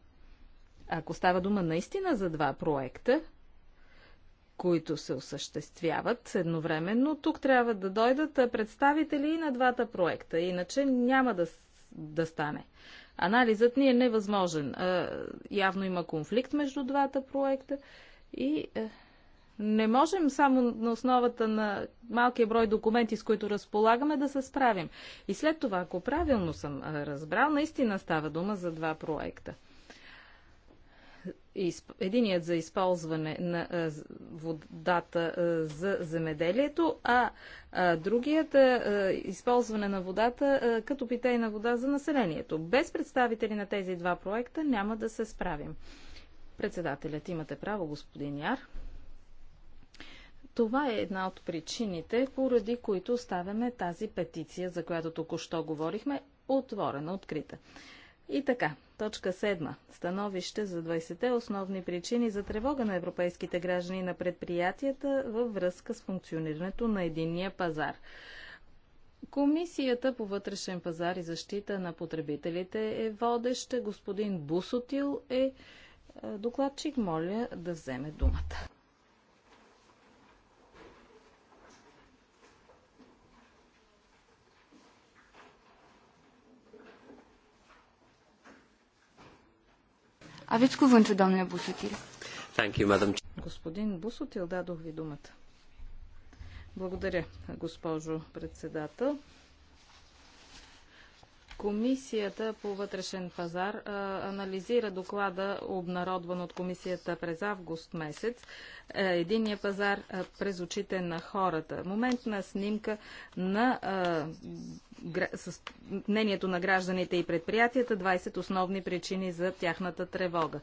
ако става дума наистина за два проекта, които се осъществяват едновременно. Тук трябва да дойдат представители и на двата проекта, иначе няма да, да стане. Анализът ни е невъзможен. Е, явно има конфликт между двата проекта и е, не можем само на основата на малкия брой документи, с които разполагаме, да се справим. И след това, ако правилно съм е, разбрал, наистина става дума за два проекта единият за използване на водата за земеделието, а другият използване на водата като питейна вода за населението. Без представители на тези два проекта няма да се справим. Председателят, имате право, господин Яр. Това е една от причините, поради които оставяме тази петиция, за която току-що говорихме, отворена, открита. И така, точка 7. Становище за 20-те основни причини за тревога на европейските граждани на предприятията във връзка с функционирането на единния пазар. Комисията по вътрешен пазар и защита на потребителите е водеща. Господин Бусотил е, е докладчик. Моля да вземе думата. Aveți cuvântul, domnule Busutil. Thank you, madam. Господин Бусотил, дадох ви думата. Благодаря, госпожо председател. Комисията по вътрешен пазар а, анализира доклада, обнародван от комисията през август месец. Е, единия пазар а, през очите на хората. Моментна снимка на а, с мнението на гражданите и предприятията, 20 основни причини за тяхната тревога.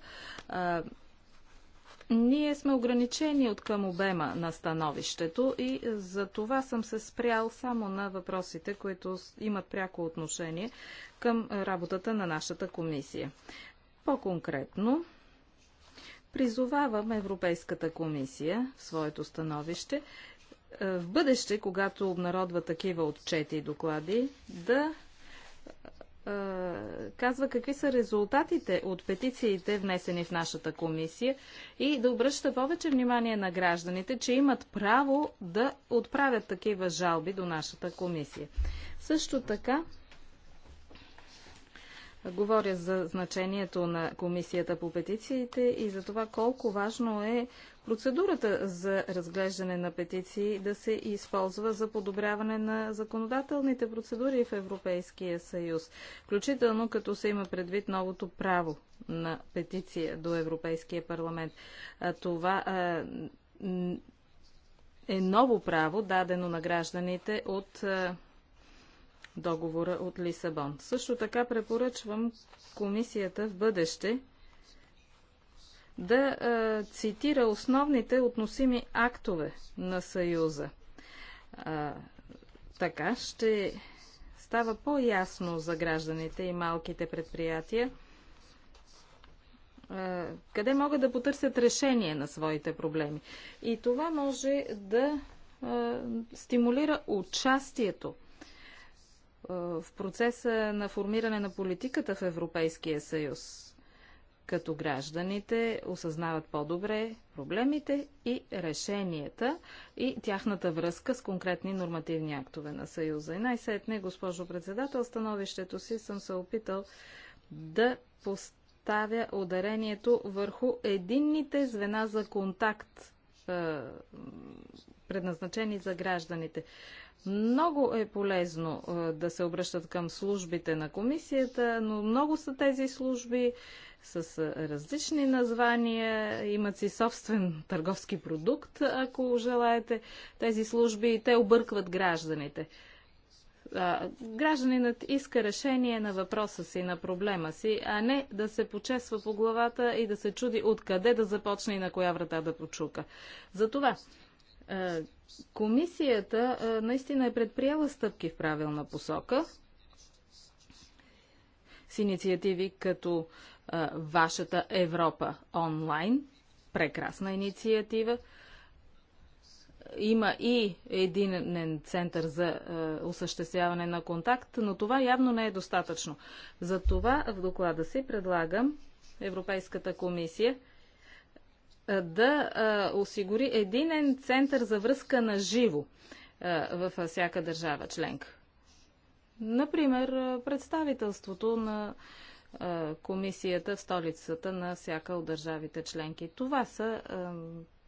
Ние сме ограничени от към обема на становището и за това съм се спрял само на въпросите, които имат пряко отношение към работата на нашата комисия. По-конкретно, призовавам Европейската комисия в своето становище е, в бъдеще, когато обнародва такива отчети и доклади, да е, казва какви са резултатите от петициите, внесени в нашата комисия и да обръща повече внимание на гражданите, че имат право да отправят такива жалби до нашата комисия. Също така, Говоря за значението на Комисията по петициите и за това колко важно е процедурата за разглеждане на петиции да се използва за подобряване на законодателните процедури в Европейския съюз, включително като се има предвид новото право на петиция до Европейския парламент. Това е ново право, дадено на гражданите от договора от Лисабон. Също така препоръчвам комисията в бъдеще да е, цитира основните относими актове на Съюза. Е, така ще става по-ясно за гражданите и малките предприятия е, къде могат да потърсят решение на своите проблеми. И това може да стимулира участието е, в процеса на формиране на политиката в Европейския съюз, като гражданите осъзнават по-добре проблемите и решенията и тяхната връзка с конкретни нормативни актове на Съюза. И най-сетне, госпожо председател, становището си съм се опитал да поставя ударението върху единните звена за контакт е, предназначени за гражданите. Много е полезно е, да се обръщат към службите на комисията, но много са тези служби с е, различни названия, имат си собствен търговски продукт, ако желаете. Тези служби и те объркват гражданите. гражданинът иска решение на въпроса си, на проблема си, а не да се почесва по главата и да се чуди откъде да започне и на коя врата да почука. Затова е, комисията е, наистина е предприела стъпки в правилна посока с инициативи като е, Вашата Европа онлайн. Прекрасна инициатива. Има и един център за е, осъществяване на контакт, но това явно не е достатъчно. Затова в доклада си предлагам Европейската комисия да осигури единен център за връзка на живо във всяка държава членка. Например, представителството на комисията в столицата на всяка от държавите членки. Това са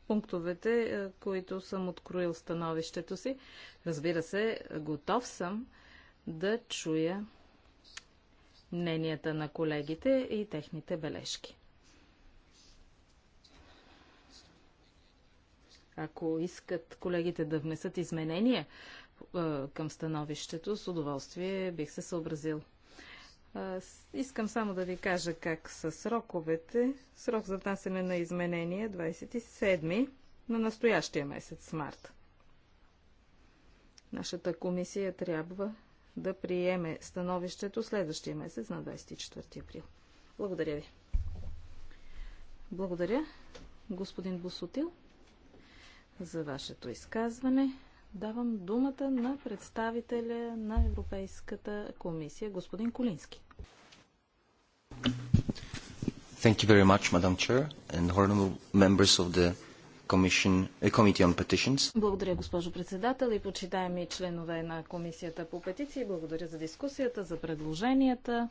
пунктовете, които съм откроил становището си. Разбира се, готов съм да чуя мненията на колегите и техните бележки. Ако искат колегите да внесат изменения е, към становището, с удоволствие бих се съобразил. Искам само да ви кажа как са сроковете. Срок за внасяне на изменения 27 е на настоящия месец март. Нашата комисия трябва да приеме становището следващия месец на 24 април. Благодаря ви. Благодаря, господин Босотил за вашето изказване. Давам думата на представителя на Европейската комисия, господин Колински. Thank you very much, Madam Chair and honorable members of the eh, благодаря, госпожо председател и почитаеми членове на Комисията по петиции. Благодаря за дискусията, за предложенията.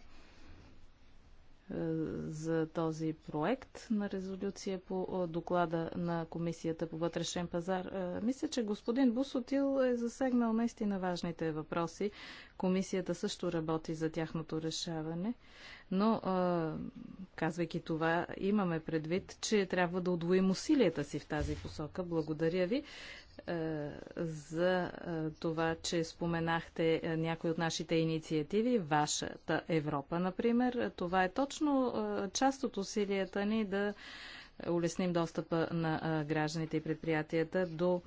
Е, за този проект на резолюция по е, доклада на Комисията по вътрешен пазар. Е, мисля, че господин Бусотил е засегнал наистина важните въпроси. Комисията също работи за тяхното решаване, но казвайки това, имаме предвид, че трябва да удвоим усилията си в тази посока. Благодаря ви. Е, за е, това, че споменахте е, някои от нашите инициативи, вашата Европа, например. Това е точно част от усилията ни да улесним достъпа на гражданите и предприятията до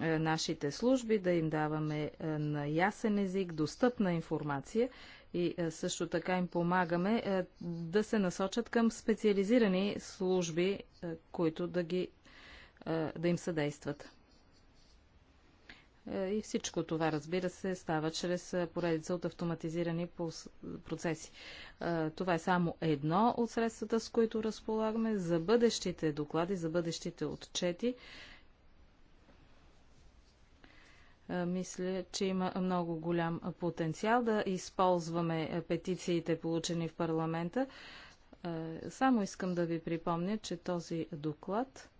нашите служби, да им даваме на ясен език достъпна информация и също така им помагаме да се насочат към специализирани служби, които да ги да им съдействат. Е, и всичко това, разбира се, става чрез е, поредица от автоматизирани процеси. Е, това е само едно от средствата, с които разполагаме за бъдещите доклади, за бъдещите отчети. Мисля, че има много голям потенциал да използваме петициите, получени в парламента. Само искам да ви припомня, че този доклад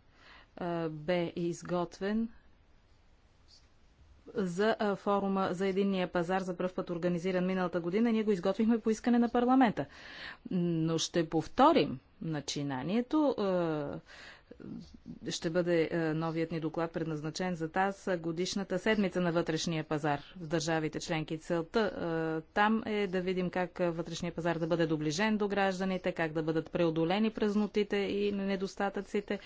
бе изготвен за форума за единния пазар за пръв път организиран миналата година. Ние го изготвихме по искане на парламента. Но ще повторим начинанието ще бъде е, новият ни доклад предназначен за тази е, годишната седмица на вътрешния пазар в държавите членки. Целта е, там е да видим как вътрешния пазар да бъде доближен до гражданите, как да бъдат преодолени празнотите и недостатъците,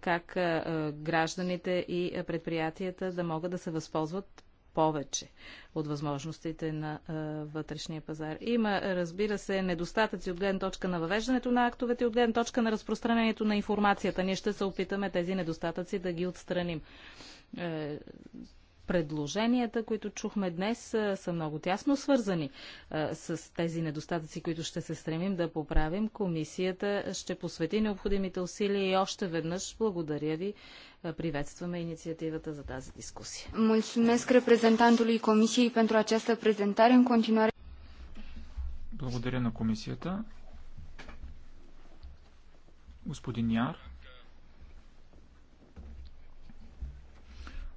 как гражданите и предприятията да могат да се възползват повече от възможностите на а, вътрешния пазар. Има, разбира се, недостатъци от гледна точка на въвеждането на актовете и от гледна точка на разпространението на информацията. Ние ще се опитаме тези недостатъци да ги отстраним. Е, предложенията, които чухме днес, са много тясно свързани с тези недостатъци, които ще се стремим да поправим. Комисията ще посвети необходимите усилия и още веднъж благодаря ви. Приветстваме инициативата за тази дискусия. Mulțumesc reprezentantului Comisiei pentru această prezentare. În continuare... Благодаря на комисията. Господин Яр.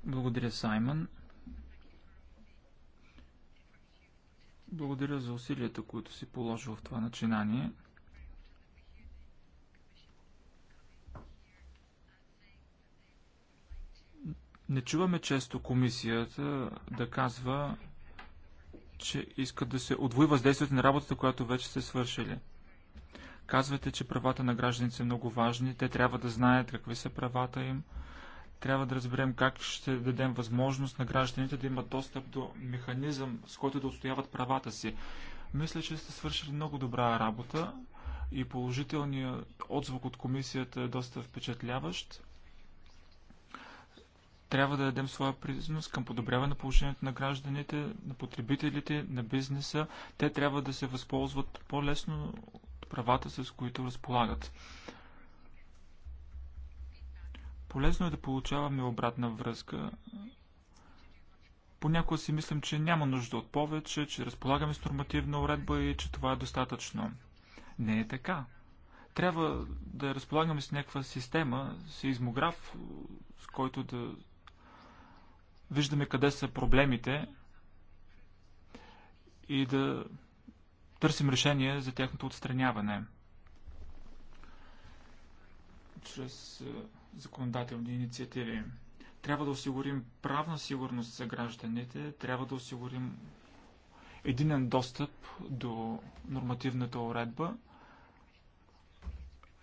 Благодаря, Саймън. Благодаря за усилията, които си положил в това начинание. Не чуваме често комисията да казва, че искат да се отвои въздействието на работата, която вече сте свършили. Казвате, че правата на гражданите са много важни, те трябва да знаят какви са правата им, трябва да разберем как ще дадем възможност на гражданите да имат достъп до механизъм, с който да отстояват правата си. Мисля, че сте свършили много добра работа и положителният отзвук от комисията е доста впечатляващ. Трябва да дадем своя признос към подобряване на положението на гражданите, на потребителите, на бизнеса. Те трябва да се възползват по-лесно от правата, с които разполагат. Полезно е да получаваме обратна връзка. Понякога си мислим, че няма нужда от повече, че разполагаме с нормативна уредба и че това е достатъчно. Не е така. Трябва да разполагаме с някаква система, сеизмограф, с който да виждаме къде са проблемите и да търсим решение за тяхното отстраняване. Чрез е, законодателни инициативи. Трябва да осигурим правна сигурност за гражданите, трябва да осигурим единен достъп до нормативната уредба.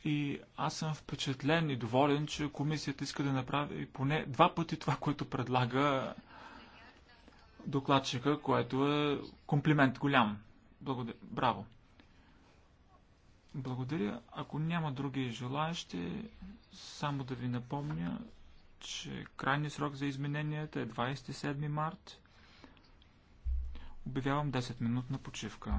И аз съм впечатлен и доволен, че комисията иска да направи поне два пъти това, което предлага докладчика, което е комплимент голям. Благодаря. Браво. Благодаря. Ако няма други желаящи, само да ви напомня, че крайният срок за измененията е 27 март. Обявявам 10 минутна почивка.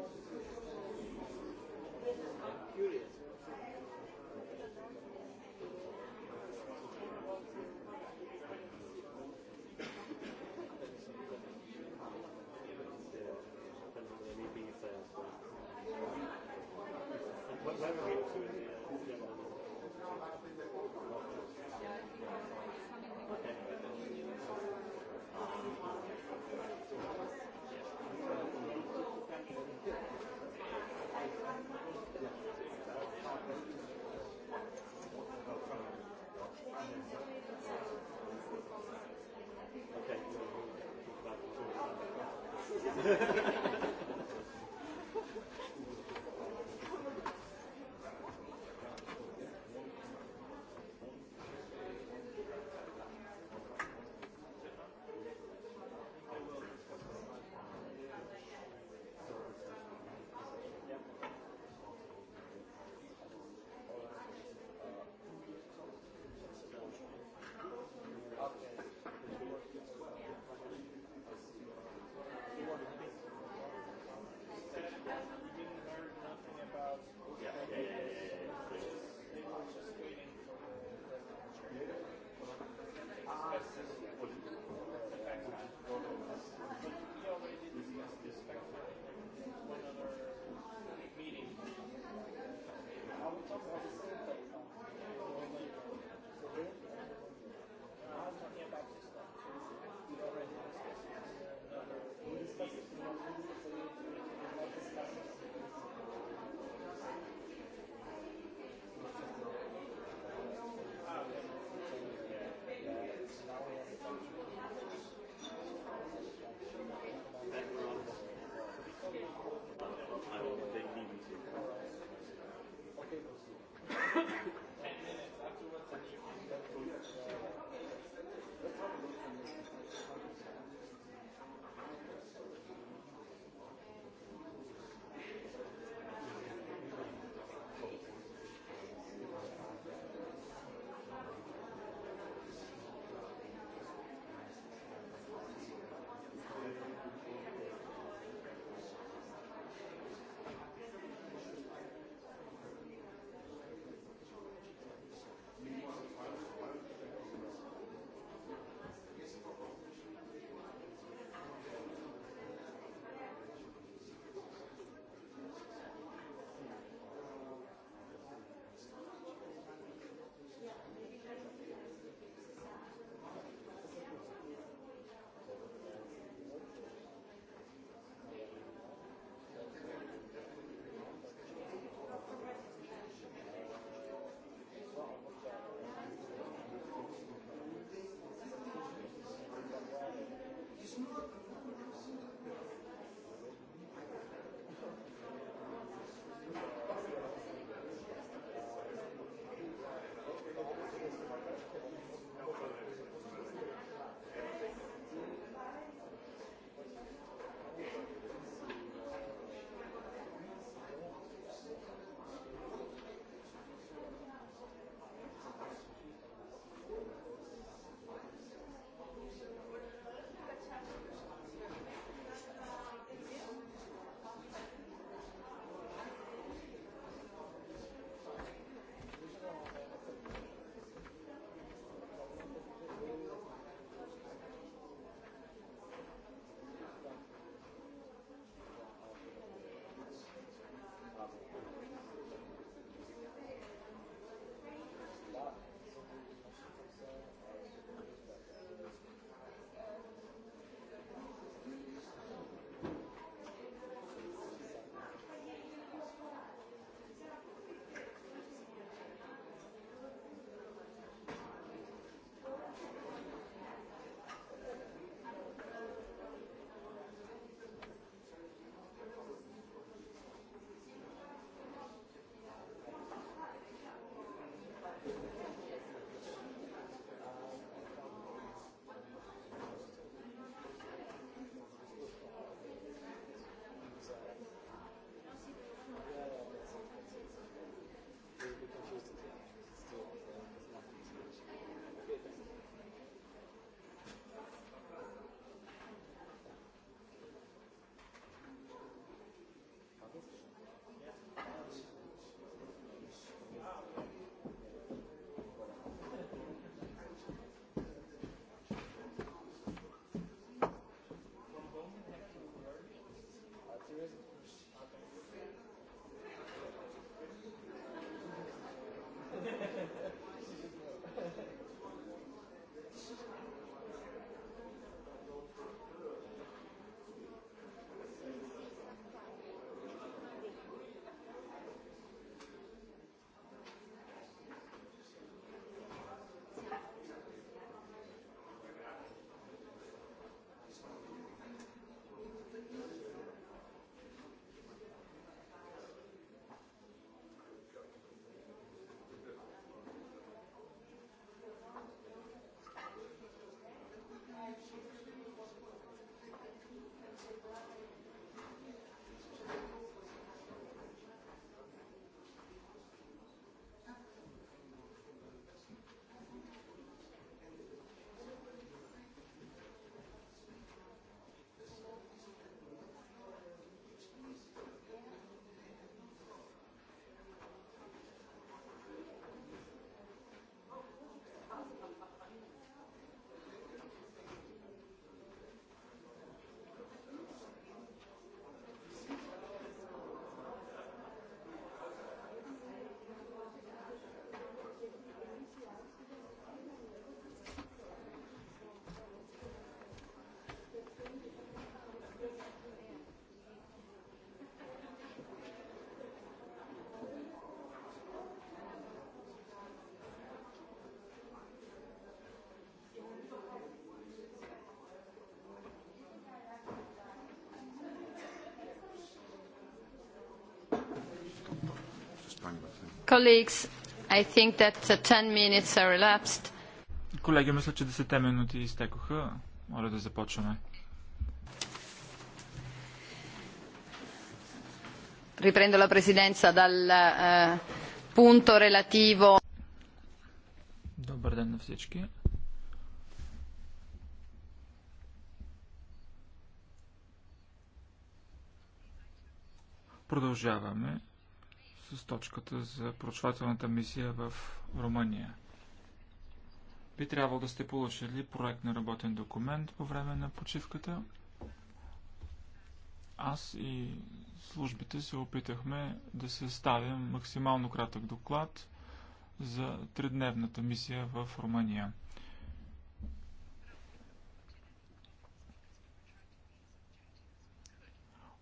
Okay. Colleagues, I think that 10 minutes are elapsed. Колеги, мисля, че 10 минути изтекоха. Моля да започваме. Riprendo la presidenza dal punto relativo. Добър ден на всички. Продължаваме с точката за проучвателната мисия в Румъния. Би трябвало да сте получили проект на работен документ по време на почивката. Аз и службите се опитахме да съставим максимално кратък доклад за тридневната мисия в Румъния.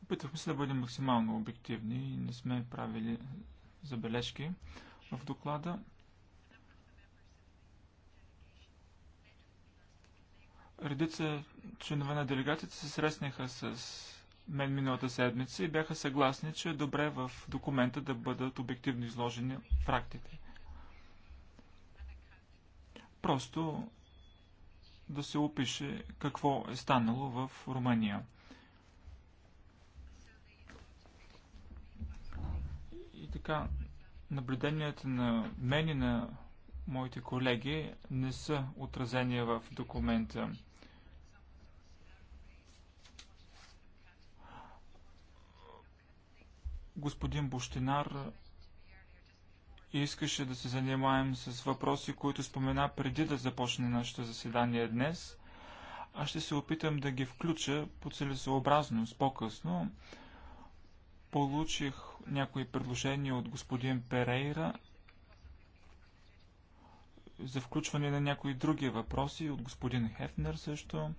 Опитахме се да бъдем максимално обективни и не сме правили забележки в доклада. Редица членове на делегацията се срещнаха с мен миналата седмица и бяха съгласни, че е добре в документа да бъдат обективно изложени фактите. Просто да се опише какво е станало в Румъния. Така, наблюденията на мен и на моите колеги не са отразени в документа. Господин Бощинар искаше да се занимаем с въпроси, които спомена преди да започне нашето заседание днес. Аз ще се опитам да ги включа по целесообразност по-късно. Получих някои предложения от господин Перейра за включване на някои други въпроси от господин Хефнер също.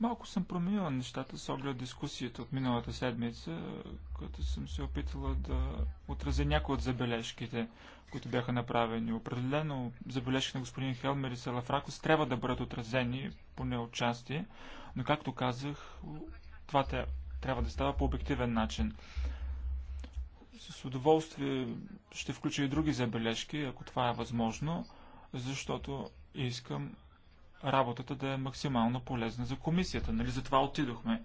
Малко съм променила нещата с оглед дискусията от миналата седмица, като съм се опитала да отразя някои от забележките, които бяха направени. Определено забележките на господин Хелмер и Салафракос трябва да бъдат отразени поне части, но както казах, това трябва да става по обективен начин. С удоволствие ще включа и други забележки, ако това е възможно, защото искам работата да е максимално полезна за комисията. Нали? Затова отидохме.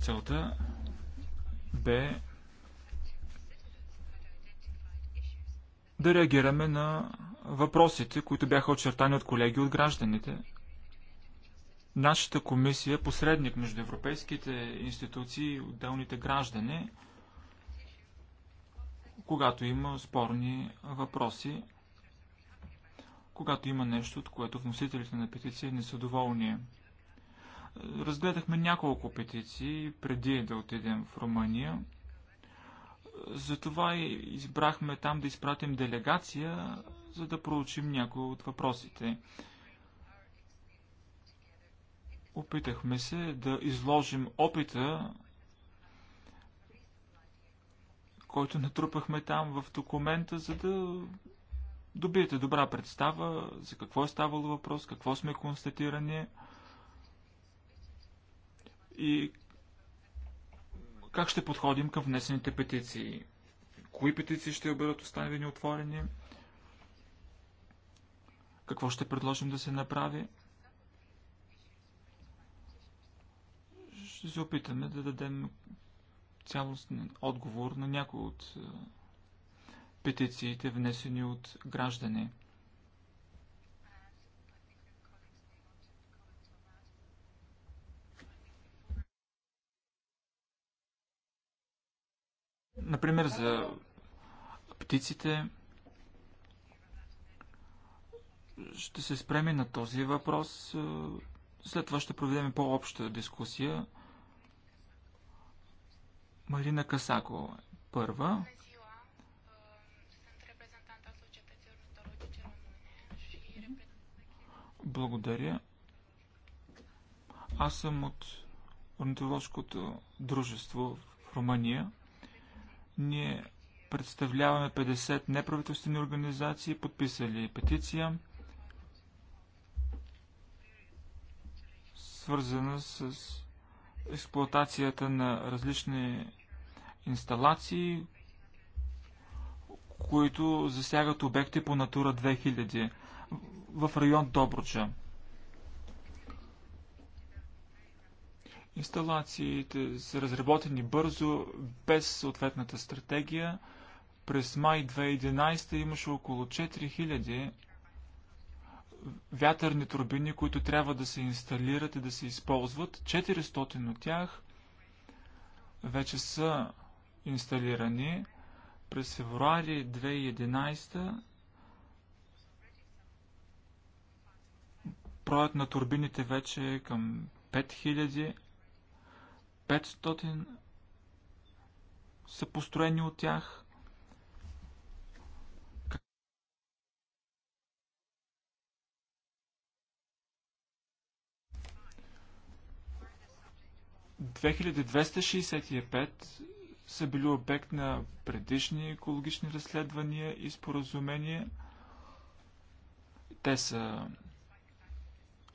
Целта бе да реагираме на въпросите, които бяха очертани от колеги от гражданите. Нашата комисия, посредник между европейските институции и отделните граждани, когато има спорни въпроси, когато има нещо, от което вносителите на петиция не са доволни. Разгледахме няколко петиции преди да отидем в Румъния. Затова избрахме там да изпратим делегация, за да проучим някои от въпросите. Опитахме се да изложим опита, който натрупахме там в документа, за да добиете добра представа за какво е ставало въпрос, какво сме констатирани и как ще подходим към внесените петиции. Кои петиции ще бъдат оставени отворени? Какво ще предложим да се направи? Ще се опитаме да дадем цялостен отговор на някои от петициите, внесени от граждани. Например, за птиците ще се спреме на този въпрос. След това ще проведем по-обща дискусия. Марина Касако първа. Благодаря. Аз съм от орнитоложкото дружество в Румъния. Ние представляваме 50 неправителствени организации, подписали петиция, свързана с експлуатацията на различни инсталации, които засягат обекти по Натура 2000 в район Доброча. Инсталациите са разработени бързо, без съответната стратегия. През май 2011 имаше около 4000 вятърни турбини, които трябва да се инсталират и да се използват. 400 от тях вече са инсталирани. През февруари 2011 Броят на турбините вече е към 5500 са построени от тях. ...2265 са били обект на предишни екологични разследвания и споразумения. Те са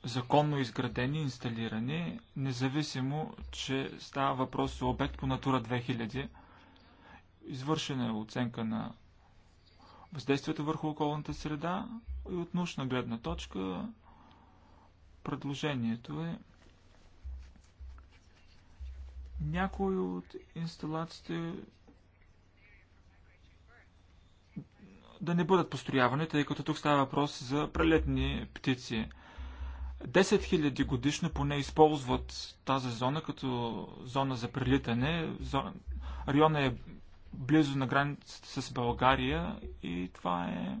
законно изградени, инсталирани, независимо, че става въпрос за обект по Натура 2000. Извършена е оценка на въздействието върху околната среда и от научна гледна точка предложението е някои от инсталациите да не бъдат построявани, тъй като тук става въпрос за прелетни птици – 10 000 годишно поне използват тази зона като зона за прилитане. Района е близо на границата с България и това е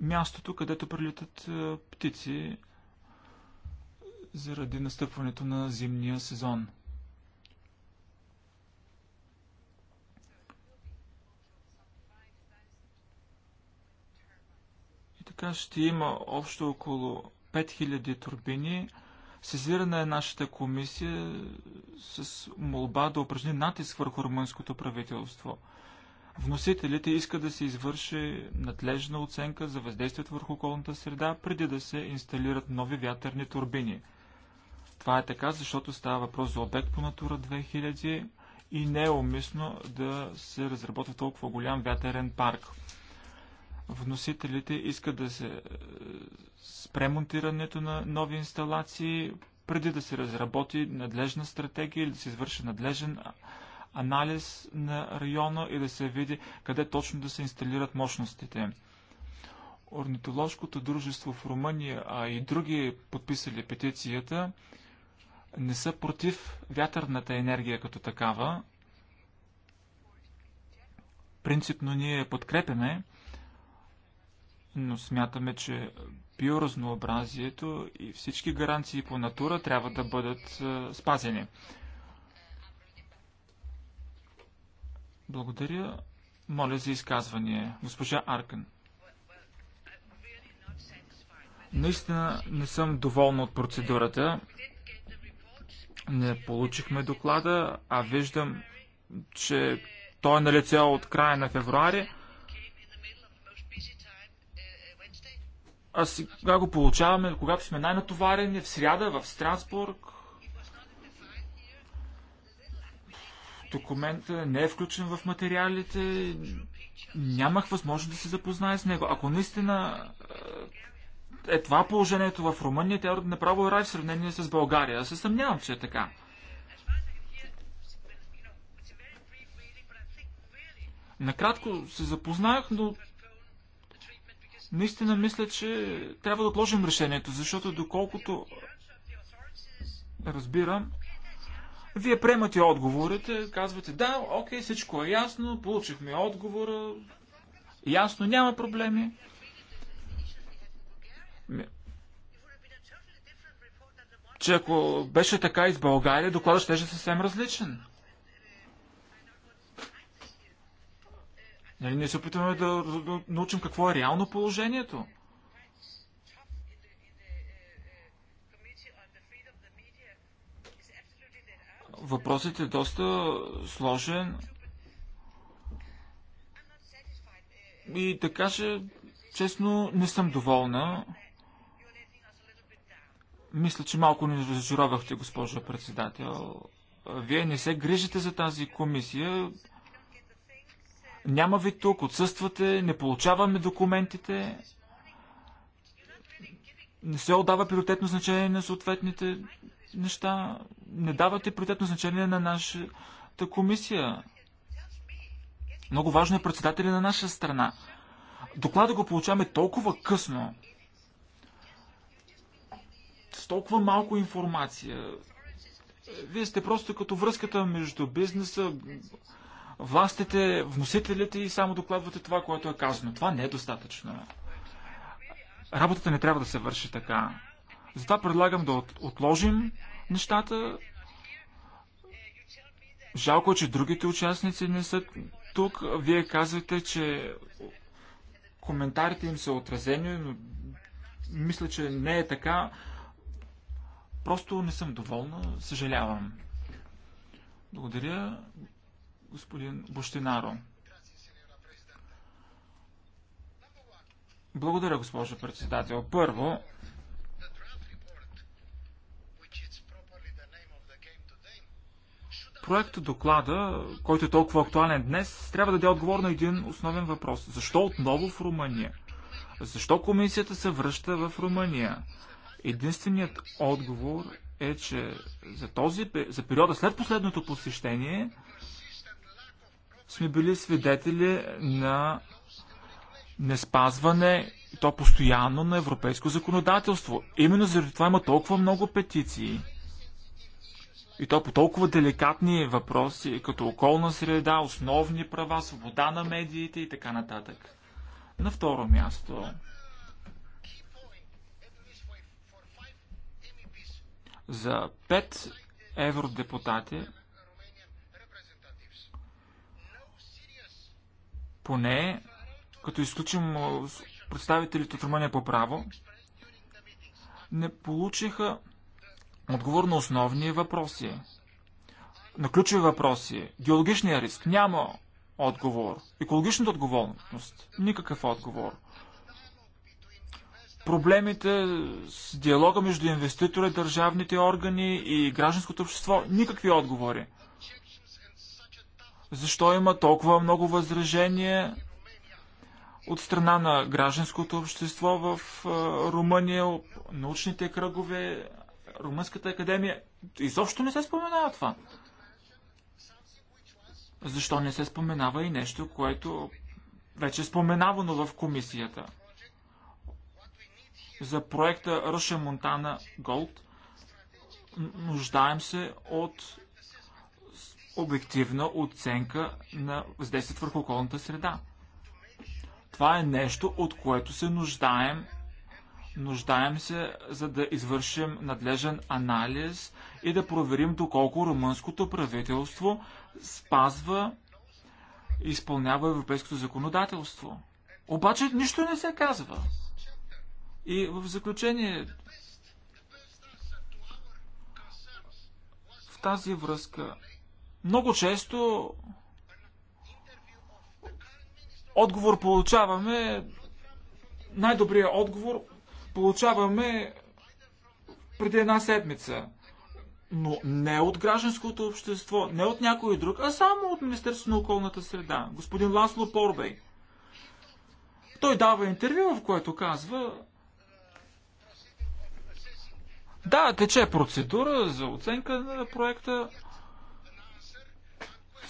мястото, където прилитат е, птици заради настъпването на зимния сезон. така ще има общо около 5000 турбини. Сезирана е нашата комисия с молба да упражни натиск върху румънското правителство. Вносителите искат да се извърши надлежна оценка за въздействието върху околната среда, преди да се инсталират нови вятърни турбини. Това е така, защото става въпрос за обект по Натура 2000 и не е умисно да се разработва толкова голям вятърен парк вносителите искат да се спре монтирането на нови инсталации, преди да се разработи надлежна стратегия или да се извърши надлежен анализ на района и да се види къде точно да се инсталират мощностите. Орнитоложкото дружество в Румъния, а и други подписали петицията, не са против вятърната енергия като такава. Принципно ние подкрепяме но смятаме, че биоразнообразието и всички гаранции по натура трябва да бъдат спазени. Благодаря. Моля за изказване. Госпожа Аркан. Наистина не съм доволна от процедурата. Не получихме доклада, а виждам, че той е на лице от края на февруари. а сега го получаваме, когато сме най-натоварени, в сряда, в Страсбург. Документът не е включен в материалите. Нямах възможност да се запозная с него. Ако наистина е, е това положението в Румъния, тя е направо е рай в сравнение с България. Аз се съмнявам, че е така. Накратко се запознах, но Наистина мисля, че трябва да отложим решението, защото доколкото разбирам, вие приемате отговорите, казвате да, окей, всичко е ясно, получихме отговора, ясно, няма проблеми. Че ако беше така и с България, докладът ще е съвсем различен. Нали не се опитваме да научим какво е реално положението? Въпросът е доста сложен. И да кажа, честно, не съм доволна. Мисля, че малко ни разжировахте, госпожо председател. Вие не се грижите за тази комисия няма ви тук, отсъствате, не получаваме документите, не се отдава приоритетно значение на съответните неща, не давате приоритетно значение на нашата комисия. Много важно е председателя на наша страна. Доклада го получаваме толкова късно, с толкова малко информация. Вие сте просто като връзката между бизнеса, властите, вносителите и само докладвате това, което е казано. Това не е достатъчно. Работата не трябва да се върши така. Затова предлагам да отложим нещата. Жалко е, че другите участници не са тук. Вие казвате, че коментарите им са отразени, но мисля, че не е така. Просто не съм доволна. Съжалявам. Благодаря господин Бощинаро. Благодаря, госпожо председател. Първо, проекто доклада, който е толкова актуален днес, трябва да даде отговор на един основен въпрос. Защо отново в Румъния? Защо комисията се връща в Румъния? Единственият отговор е, че за, този, за периода след последното посещение сме били свидетели на неспазване, то постоянно, на европейско законодателство. Именно заради това има толкова много петиции. И то по толкова деликатни въпроси, като околна среда, основни права, свобода на медиите и така нататък. На второ място. За пет евродепутати поне, като изключим представителите от Румъния по право, не получиха отговор на основни въпроси. На ключови въпроси. Геологичния риск. Няма отговор. Екологичната отговорност. Никакъв отговор. Проблемите с диалога между инвеститора, държавните органи и гражданското общество. Никакви отговори. Защо има толкова много възражение от страна на гражданското общество в Румъния, научните кръгове, Румънската академия? Изобщо не се споменава това. Защо не се споменава и нещо, което вече е споменавано в комисията? За проекта Ръша Монтана Голд нуждаем се от обективна оценка на въздействието върху околната среда. Това е нещо, от което се нуждаем. Нуждаем се, за да извършим надлежен анализ и да проверим доколко румънското правителство спазва и изпълнява европейското законодателство. Обаче нищо не се казва. И в заключение, в тази връзка, много често отговор получаваме, най-добрият отговор получаваме преди една седмица. Но не от гражданското общество, не от някой друг, а само от Министерството на околната среда. Господин Ласло Порбей. Той дава интервю, в което казва Да, тече процедура за оценка на проекта,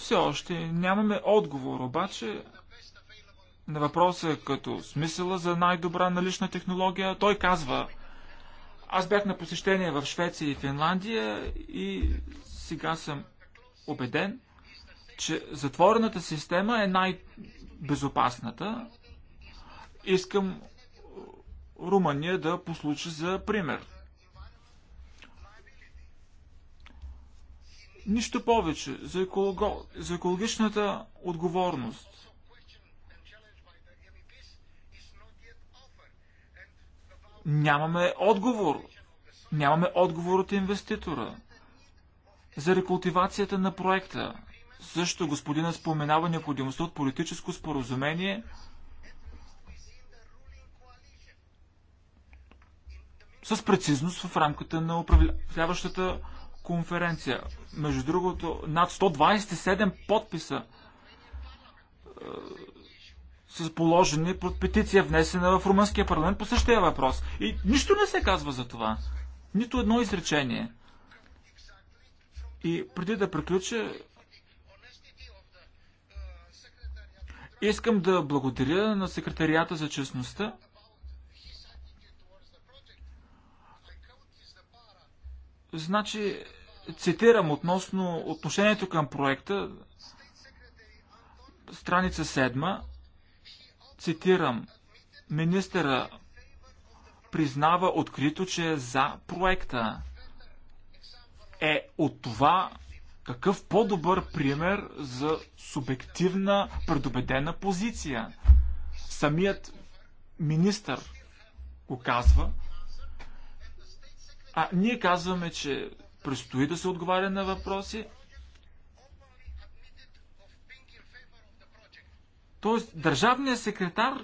все още нямаме отговор, обаче на въпроса като смисъла за най-добра налична технология, той казва аз бях на посещение в Швеция и Финландия и сега съм убеден, че затворената система е най-безопасната. Искам Румъния да послуча за пример. Нищо повече за, еколого... за екологичната отговорност. Нямаме отговор. Нямаме отговор от инвеститора. За рекултивацията на проекта. Също господина споменава необходимостта от политическо споразумение, с прецизност в рамката на управляващата конференция. Между другото, над 127 подписа е, са положени под петиция, внесена в Румънския парламент по същия въпрос. И нищо не се казва за това. Нито едно изречение. И преди да приключа, искам да благодаря на секретарията за честността. Значи, Цитирам относно отношението към проекта, страница 7, цитирам, министъра признава открито, че е за проекта. Е от това какъв по-добър пример за субективна предубедена позиция. Самият министър го казва, а ние казваме, че Предстои да се отговаря на въпроси. Тоест, държавният секретар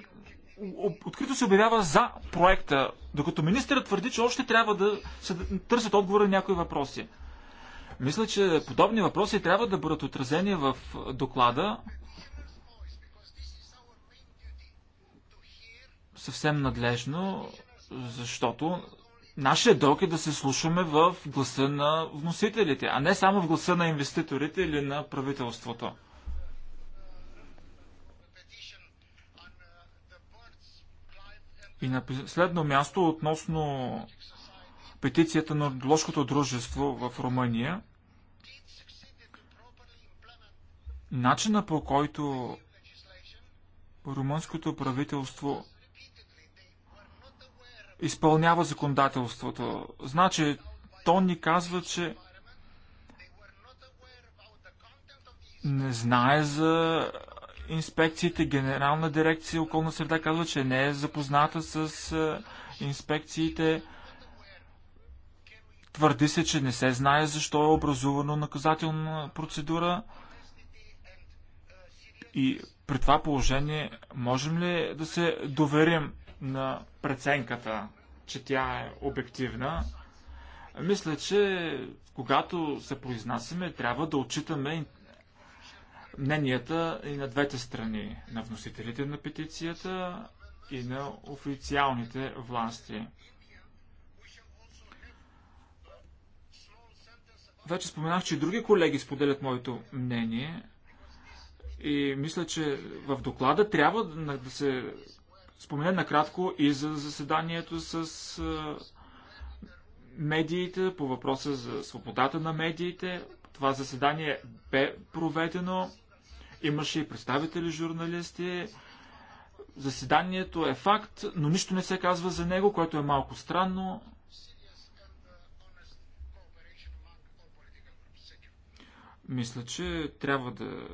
открито се обявява за проекта, докато министърът твърди, че още трябва да се търсят отговори на някои въпроси. Мисля, че подобни въпроси трябва да бъдат отразени в доклада. Съвсем надлежно, защото Нашия дълг е да се слушаме в гласа на вносителите, а не само в гласа на инвеститорите или на правителството. И на следно място относно петицията на Ложкото дружество в Румъния, начина по който румънското правителство изпълнява законодателството. Значи, то ни казва, че не знае за инспекциите. Генерална дирекция околна среда казва, че не е запозната с инспекциите. Твърди се, че не се знае защо е образувано наказателна процедура. И при това положение можем ли да се доверим на преценката, че тя е обективна. Мисля, че когато се произнасяме, трябва да отчитаме мненията и на двете страни, на вносителите на петицията и на официалните власти. Вече споменах, че и други колеги споделят моето мнение и мисля, че в доклада трябва да се Спомене накратко и за заседанието с медиите по въпроса за свободата на медиите. Това заседание бе проведено. Имаше и представители журналисти. Заседанието е факт, но нищо не се казва за него, което е малко странно. Мисля, че трябва да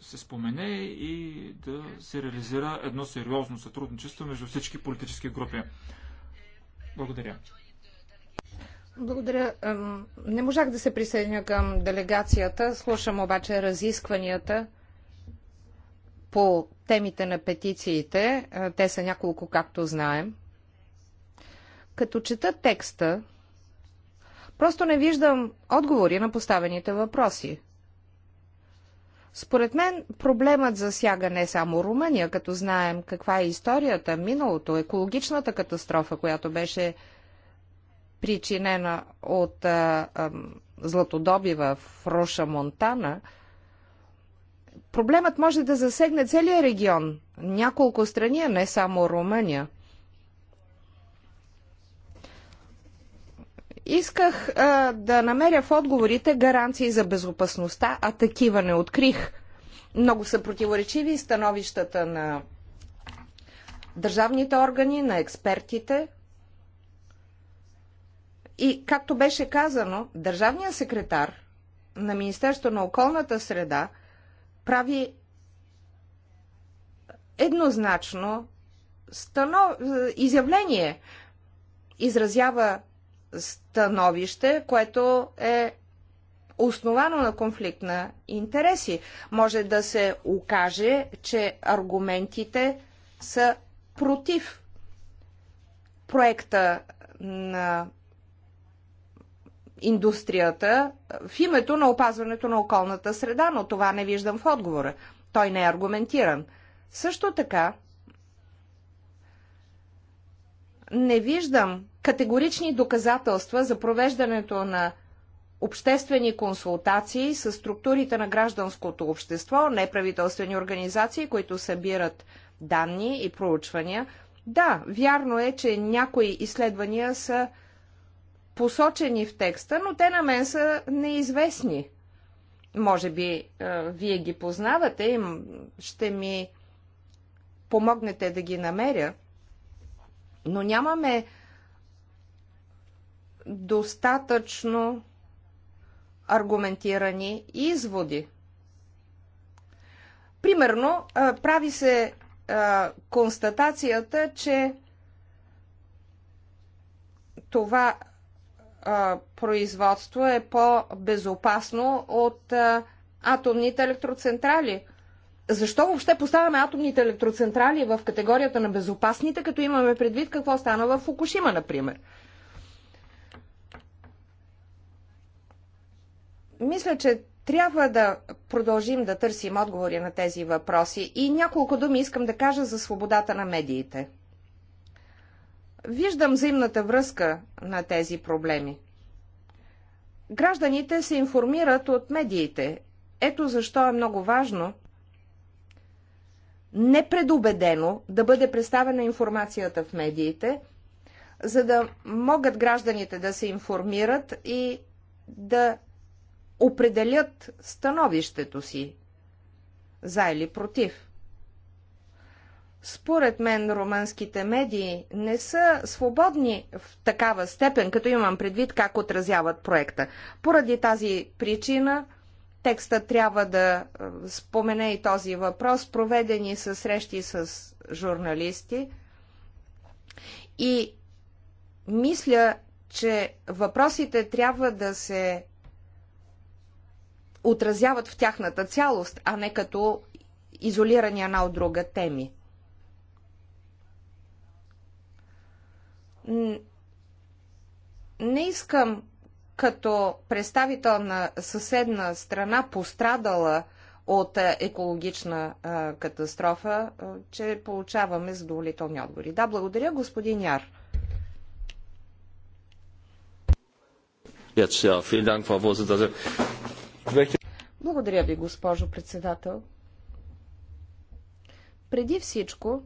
се спомене и да се реализира едно сериозно сътрудничество между всички политически групи. Благодаря. Благодаря. Не можах да се присъединя към делегацията. Слушам обаче разискванията по темите на петициите. Те са няколко, както знаем. Като чета текста, просто не виждам отговори на поставените въпроси. Според мен проблемът засяга не само Румъния, като знаем каква е историята, миналото, екологичната катастрофа, която беше причинена от а, а, златодобива в Роша, Монтана. Проблемът може да засегне целия регион, няколко страни, а не само Румъния. Исках а, да намеря в отговорите гаранции за безопасността, а такива не открих. Много са противоречиви становищата на държавните органи, на експертите. И, както беше казано, държавният секретар на Министерството на околната среда прави еднозначно станов... изявление. Изразява становище, което е основано на конфликт на интереси. Може да се окаже, че аргументите са против проекта на индустрията в името на опазването на околната среда, но това не виждам в отговора. Той не е аргументиран. Също така, не виждам категорични доказателства за провеждането на обществени консултации с структурите на гражданското общество, неправителствени организации, които събират данни и проучвания. Да, вярно е, че някои изследвания са посочени в текста, но те на мен са неизвестни. Може би е, вие ги познавате и ще ми помогнете да ги намеря. Но нямаме достатъчно аргументирани изводи. Примерно, прави се констатацията, че това производство е по-безопасно от атомните електроцентрали – защо въобще поставяме атомните електроцентрали в категорията на безопасните, като имаме предвид какво стана в Фукушима, например? Мисля, че трябва да продължим да търсим отговори на тези въпроси и няколко думи искам да кажа за свободата на медиите. Виждам взаимната връзка на тези проблеми. Гражданите се информират от медиите. Ето защо е много важно – непредубедено да бъде представена информацията в медиите, за да могат гражданите да се информират и да определят становището си за или против. Според мен румънските медии не са свободни в такава степен, като имам предвид как отразяват проекта. Поради тази причина Текста трябва да е, спомене и този въпрос. Проведени са срещи с журналисти и мисля, че въпросите трябва да се отразяват в тяхната цялост, а не като изолирани една от друга теми. Не искам като представител на съседна страна, пострадала от е, екологична а, катастрофа, а, че получаваме задоволителни отговори. Да, благодаря, господин Яр. Благодаря ви, госпожо председател. Преди всичко,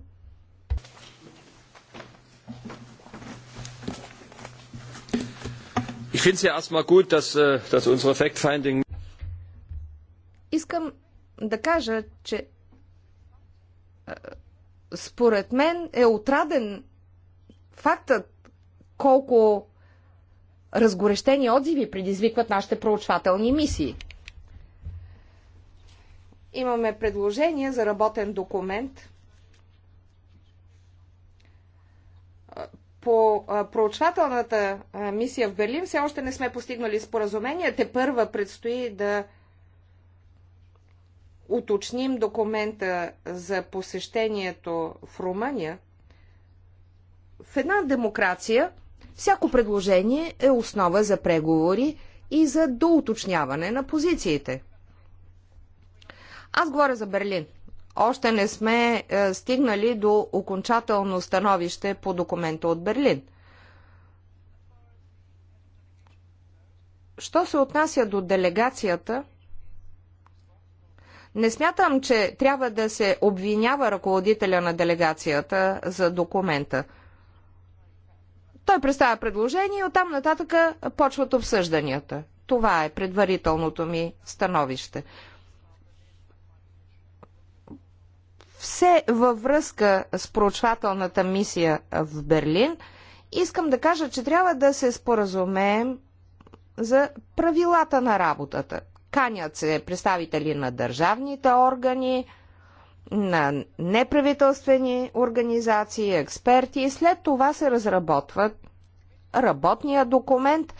Ich finde es ja erstmal gut, dass, äh, dass unsere Fact-Finding. Искам да кажа, че според мен е отраден фактът колко разгорещени отзиви предизвикват нашите проучвателни мисии. Имаме предложение за работен документ – по проучвателната мисия в Берлин все още не сме постигнали споразумение. Те първа предстои да уточним документа за посещението в Румъния. В една демокрация всяко предложение е основа за преговори и за доуточняване на позициите. Аз говоря за Берлин – още не сме е, стигнали до окончателно становище по документа от Берлин. Що се отнася до делегацията, не смятам, че трябва да се обвинява ръководителя на делегацията за документа. Той представя предложение и оттам нататък почват обсъжданията. Това е предварителното ми становище. все във връзка с проучвателната мисия в Берлин, искам да кажа, че трябва да се споразумеем за правилата на работата. Канят се представители на държавните органи, на неправителствени организации, експерти и след това се разработват работния документ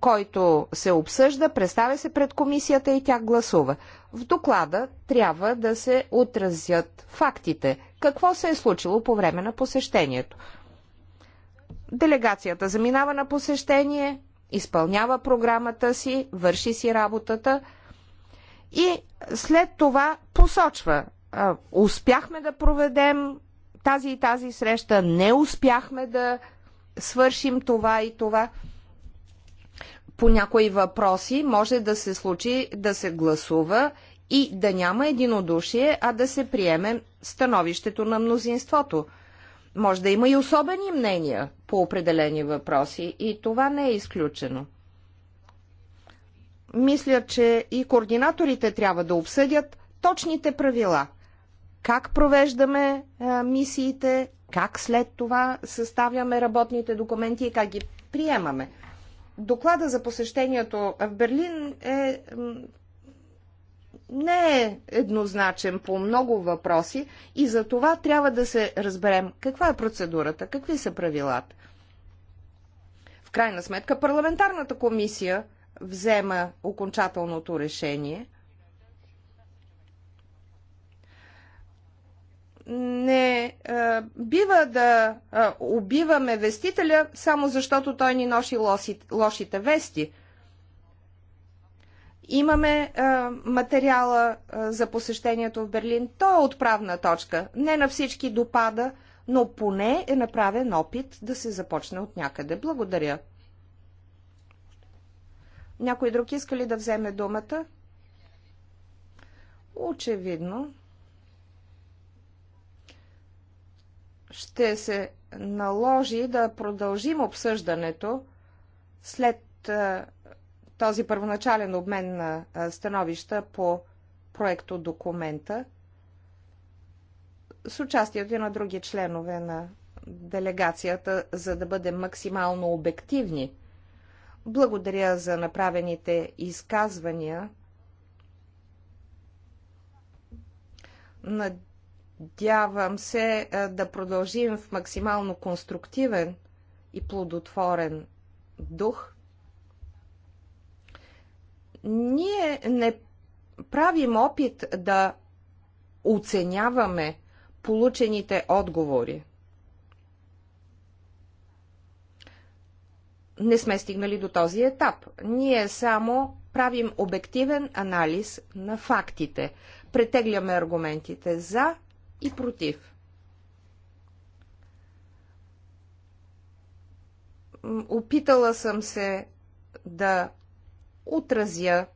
който се обсъжда, представя се пред комисията и тя гласува. В доклада трябва да се отразят фактите. Какво се е случило по време на посещението? Делегацията заминава на посещение, изпълнява програмата си, върши си работата и след това посочва. Успяхме да проведем тази и тази среща, не успяхме да свършим това и това по някои въпроси може да се случи да се гласува и да няма единодушие, а да се приеме становището на мнозинството. Може да има и особени мнения по определени въпроси и това не е изключено. Мисля, че и координаторите трябва да обсъдят точните правила. Как провеждаме а, мисиите, как след това съставяме работните документи и как ги приемаме доклада за посещението в Берлин е, не е еднозначен по много въпроси и за това трябва да се разберем каква е процедурата, какви са правилата. В крайна сметка парламентарната комисия взема окончателното решение не а, бива да а, убиваме вестителя, само защото той ни носи лошите вести. Имаме а, материала а, за посещението в Берлин. Той е отправна точка. Не на всички допада, но поне е направен опит да се започне от някъде. Благодаря. Някой друг иска ли да вземе думата? Очевидно. ще се наложи да продължим обсъждането след този първоначален обмен на становища по проекто документа с участието и на други членове на делегацията, за да бъдем максимално обективни. Благодаря за направените изказвания. Надявам Надявам се да продължим в максимално конструктивен и плодотворен дух. Ние не правим опит да оценяваме получените отговори. Не сме стигнали до този етап. Ние само правим обективен анализ на фактите. Претегляме аргументите за и против. Опитала съм се да отразя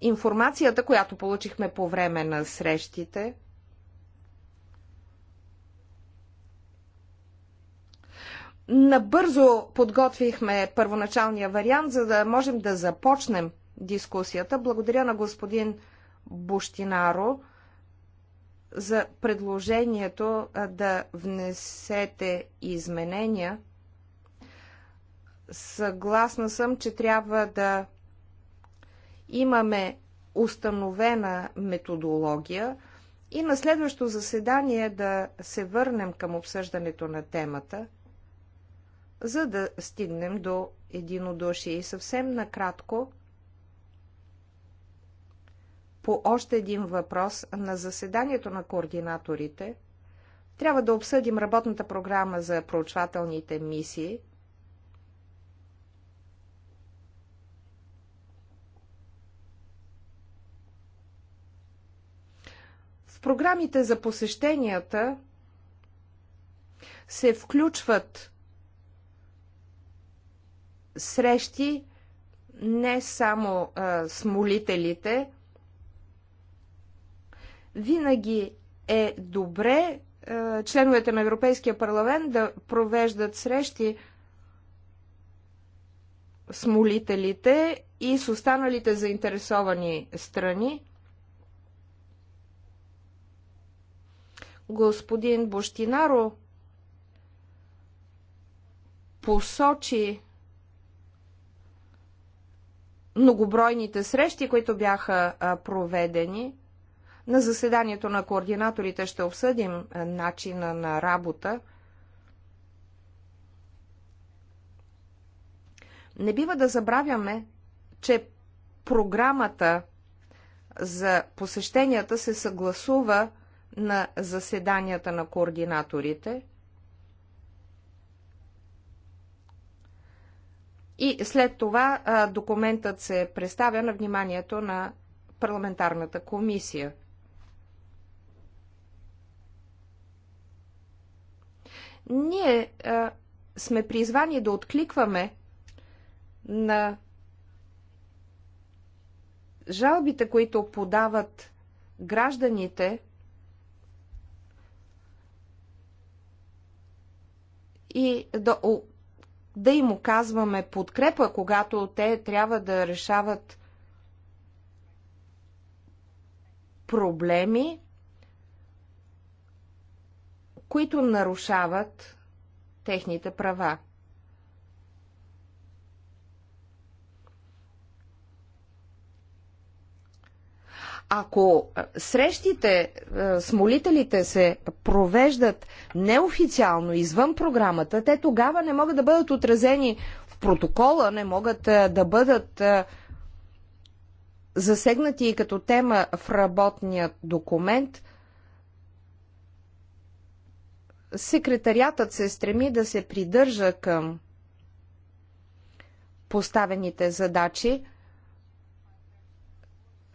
информацията, която получихме по време на срещите. Набързо подготвихме първоначалния вариант, за да можем да започнем дискусията. Благодаря на господин Буштинаро за предложението да внесете изменения. Съгласна съм, че трябва да имаме установена методология и на следващото заседание да се върнем към обсъждането на темата, за да стигнем до единодушие. И съвсем накратко – по още един въпрос на заседанието на координаторите. Трябва да обсъдим работната програма за проучвателните мисии. В програмите за посещенията се включват срещи не само а, с молителите, винаги е добре е, членовете на Европейския парламент да провеждат срещи с молителите и с останалите заинтересовани страни. Господин Бощинаро посочи многобройните срещи, които бяха проведени – на заседанието на координаторите ще обсъдим е, начина на работа. Не бива да забравяме, че програмата за посещенията се съгласува на заседанията на координаторите и след това е, документът се представя на вниманието на парламентарната комисия – Ние а, сме призвани да откликваме на жалбите, които подават гражданите и да, да им оказваме подкрепа, когато те трябва да решават проблеми, които нарушават техните права. Ако срещите с молителите се провеждат неофициално, извън програмата, те тогава не могат да бъдат отразени в протокола, не могат да бъдат засегнати и като тема в работния документ – Секретариатът се стреми да се придържа към поставените задачи.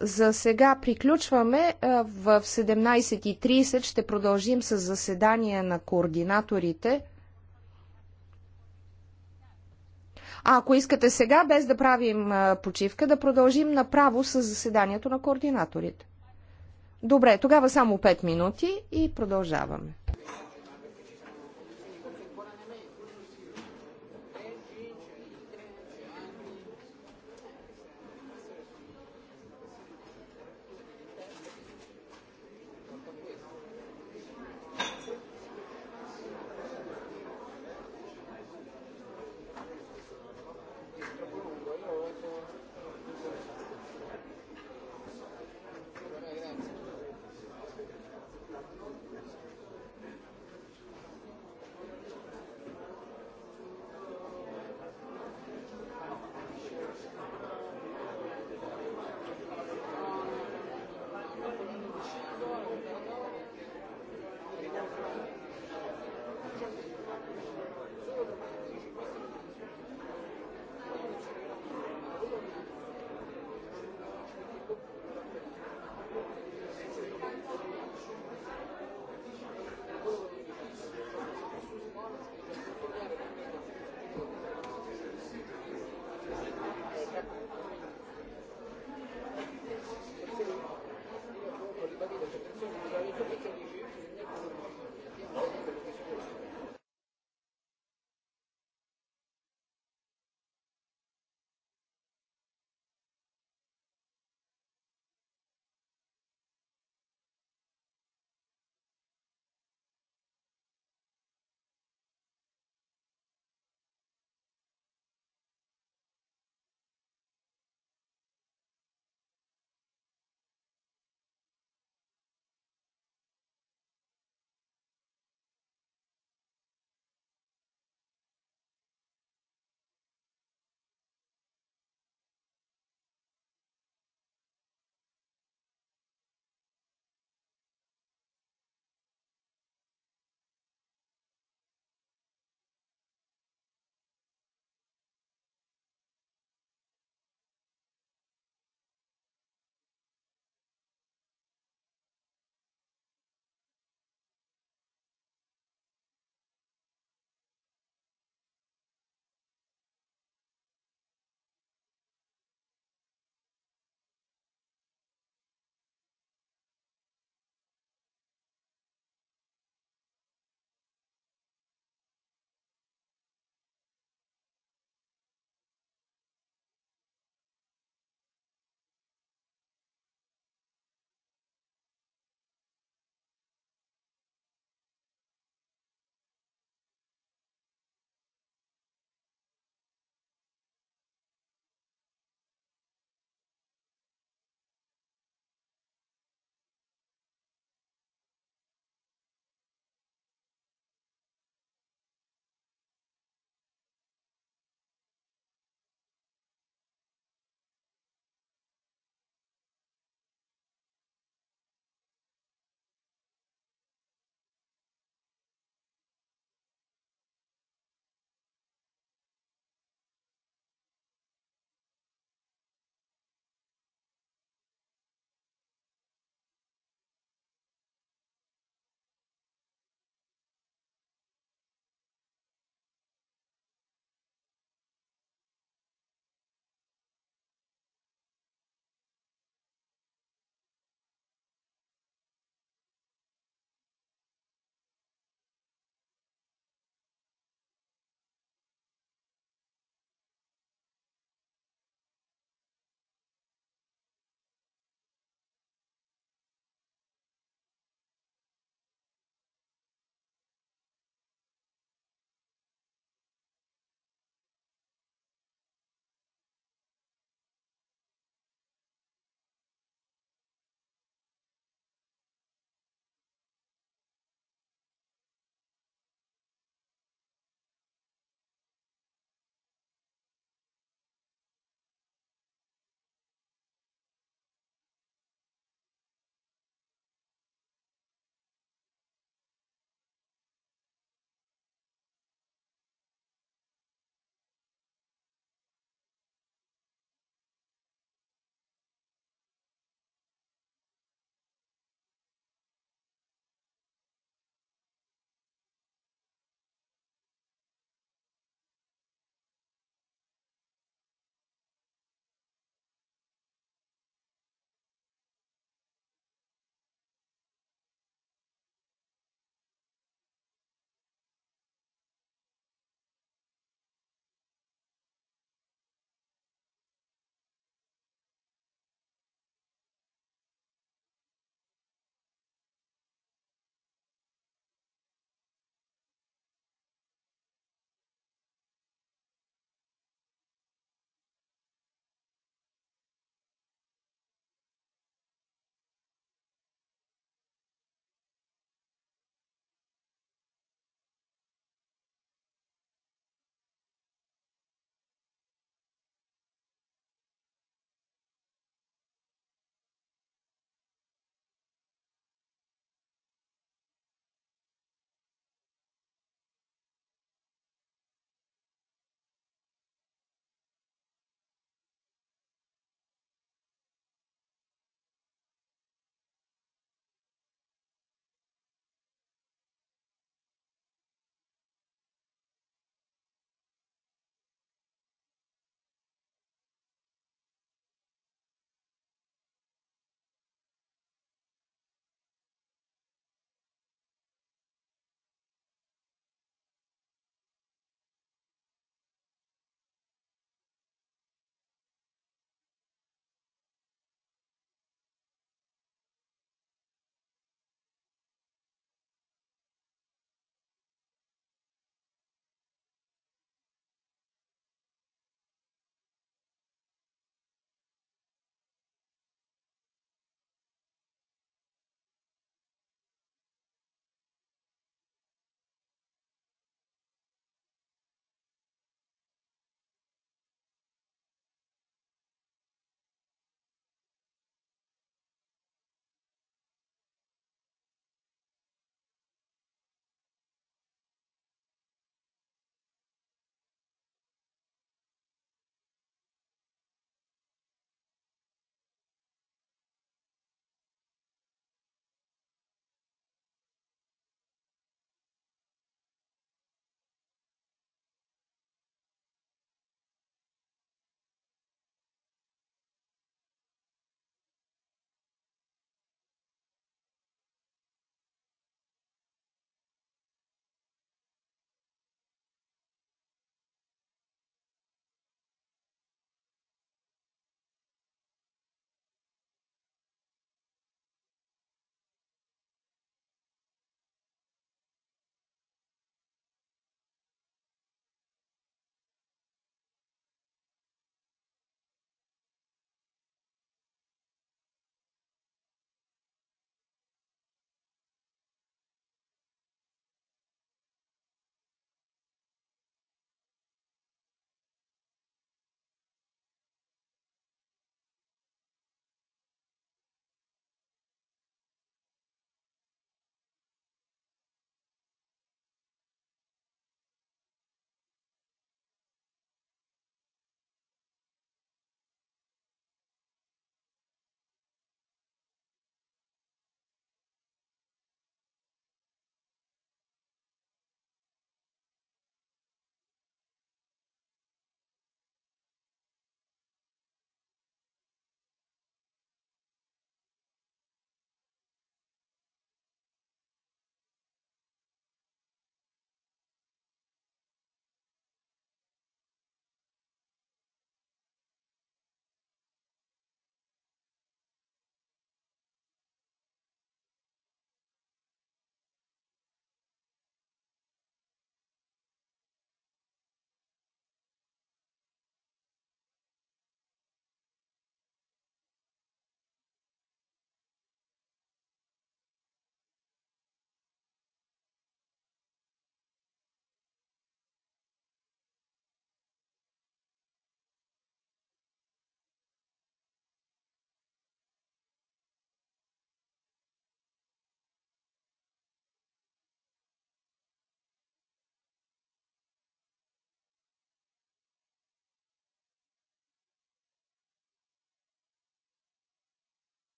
За сега приключваме. В 17.30 ще продължим с заседание на координаторите. А ако искате сега, без да правим почивка, да продължим направо с заседанието на координаторите. Добре, тогава само 5 минути и продължаваме.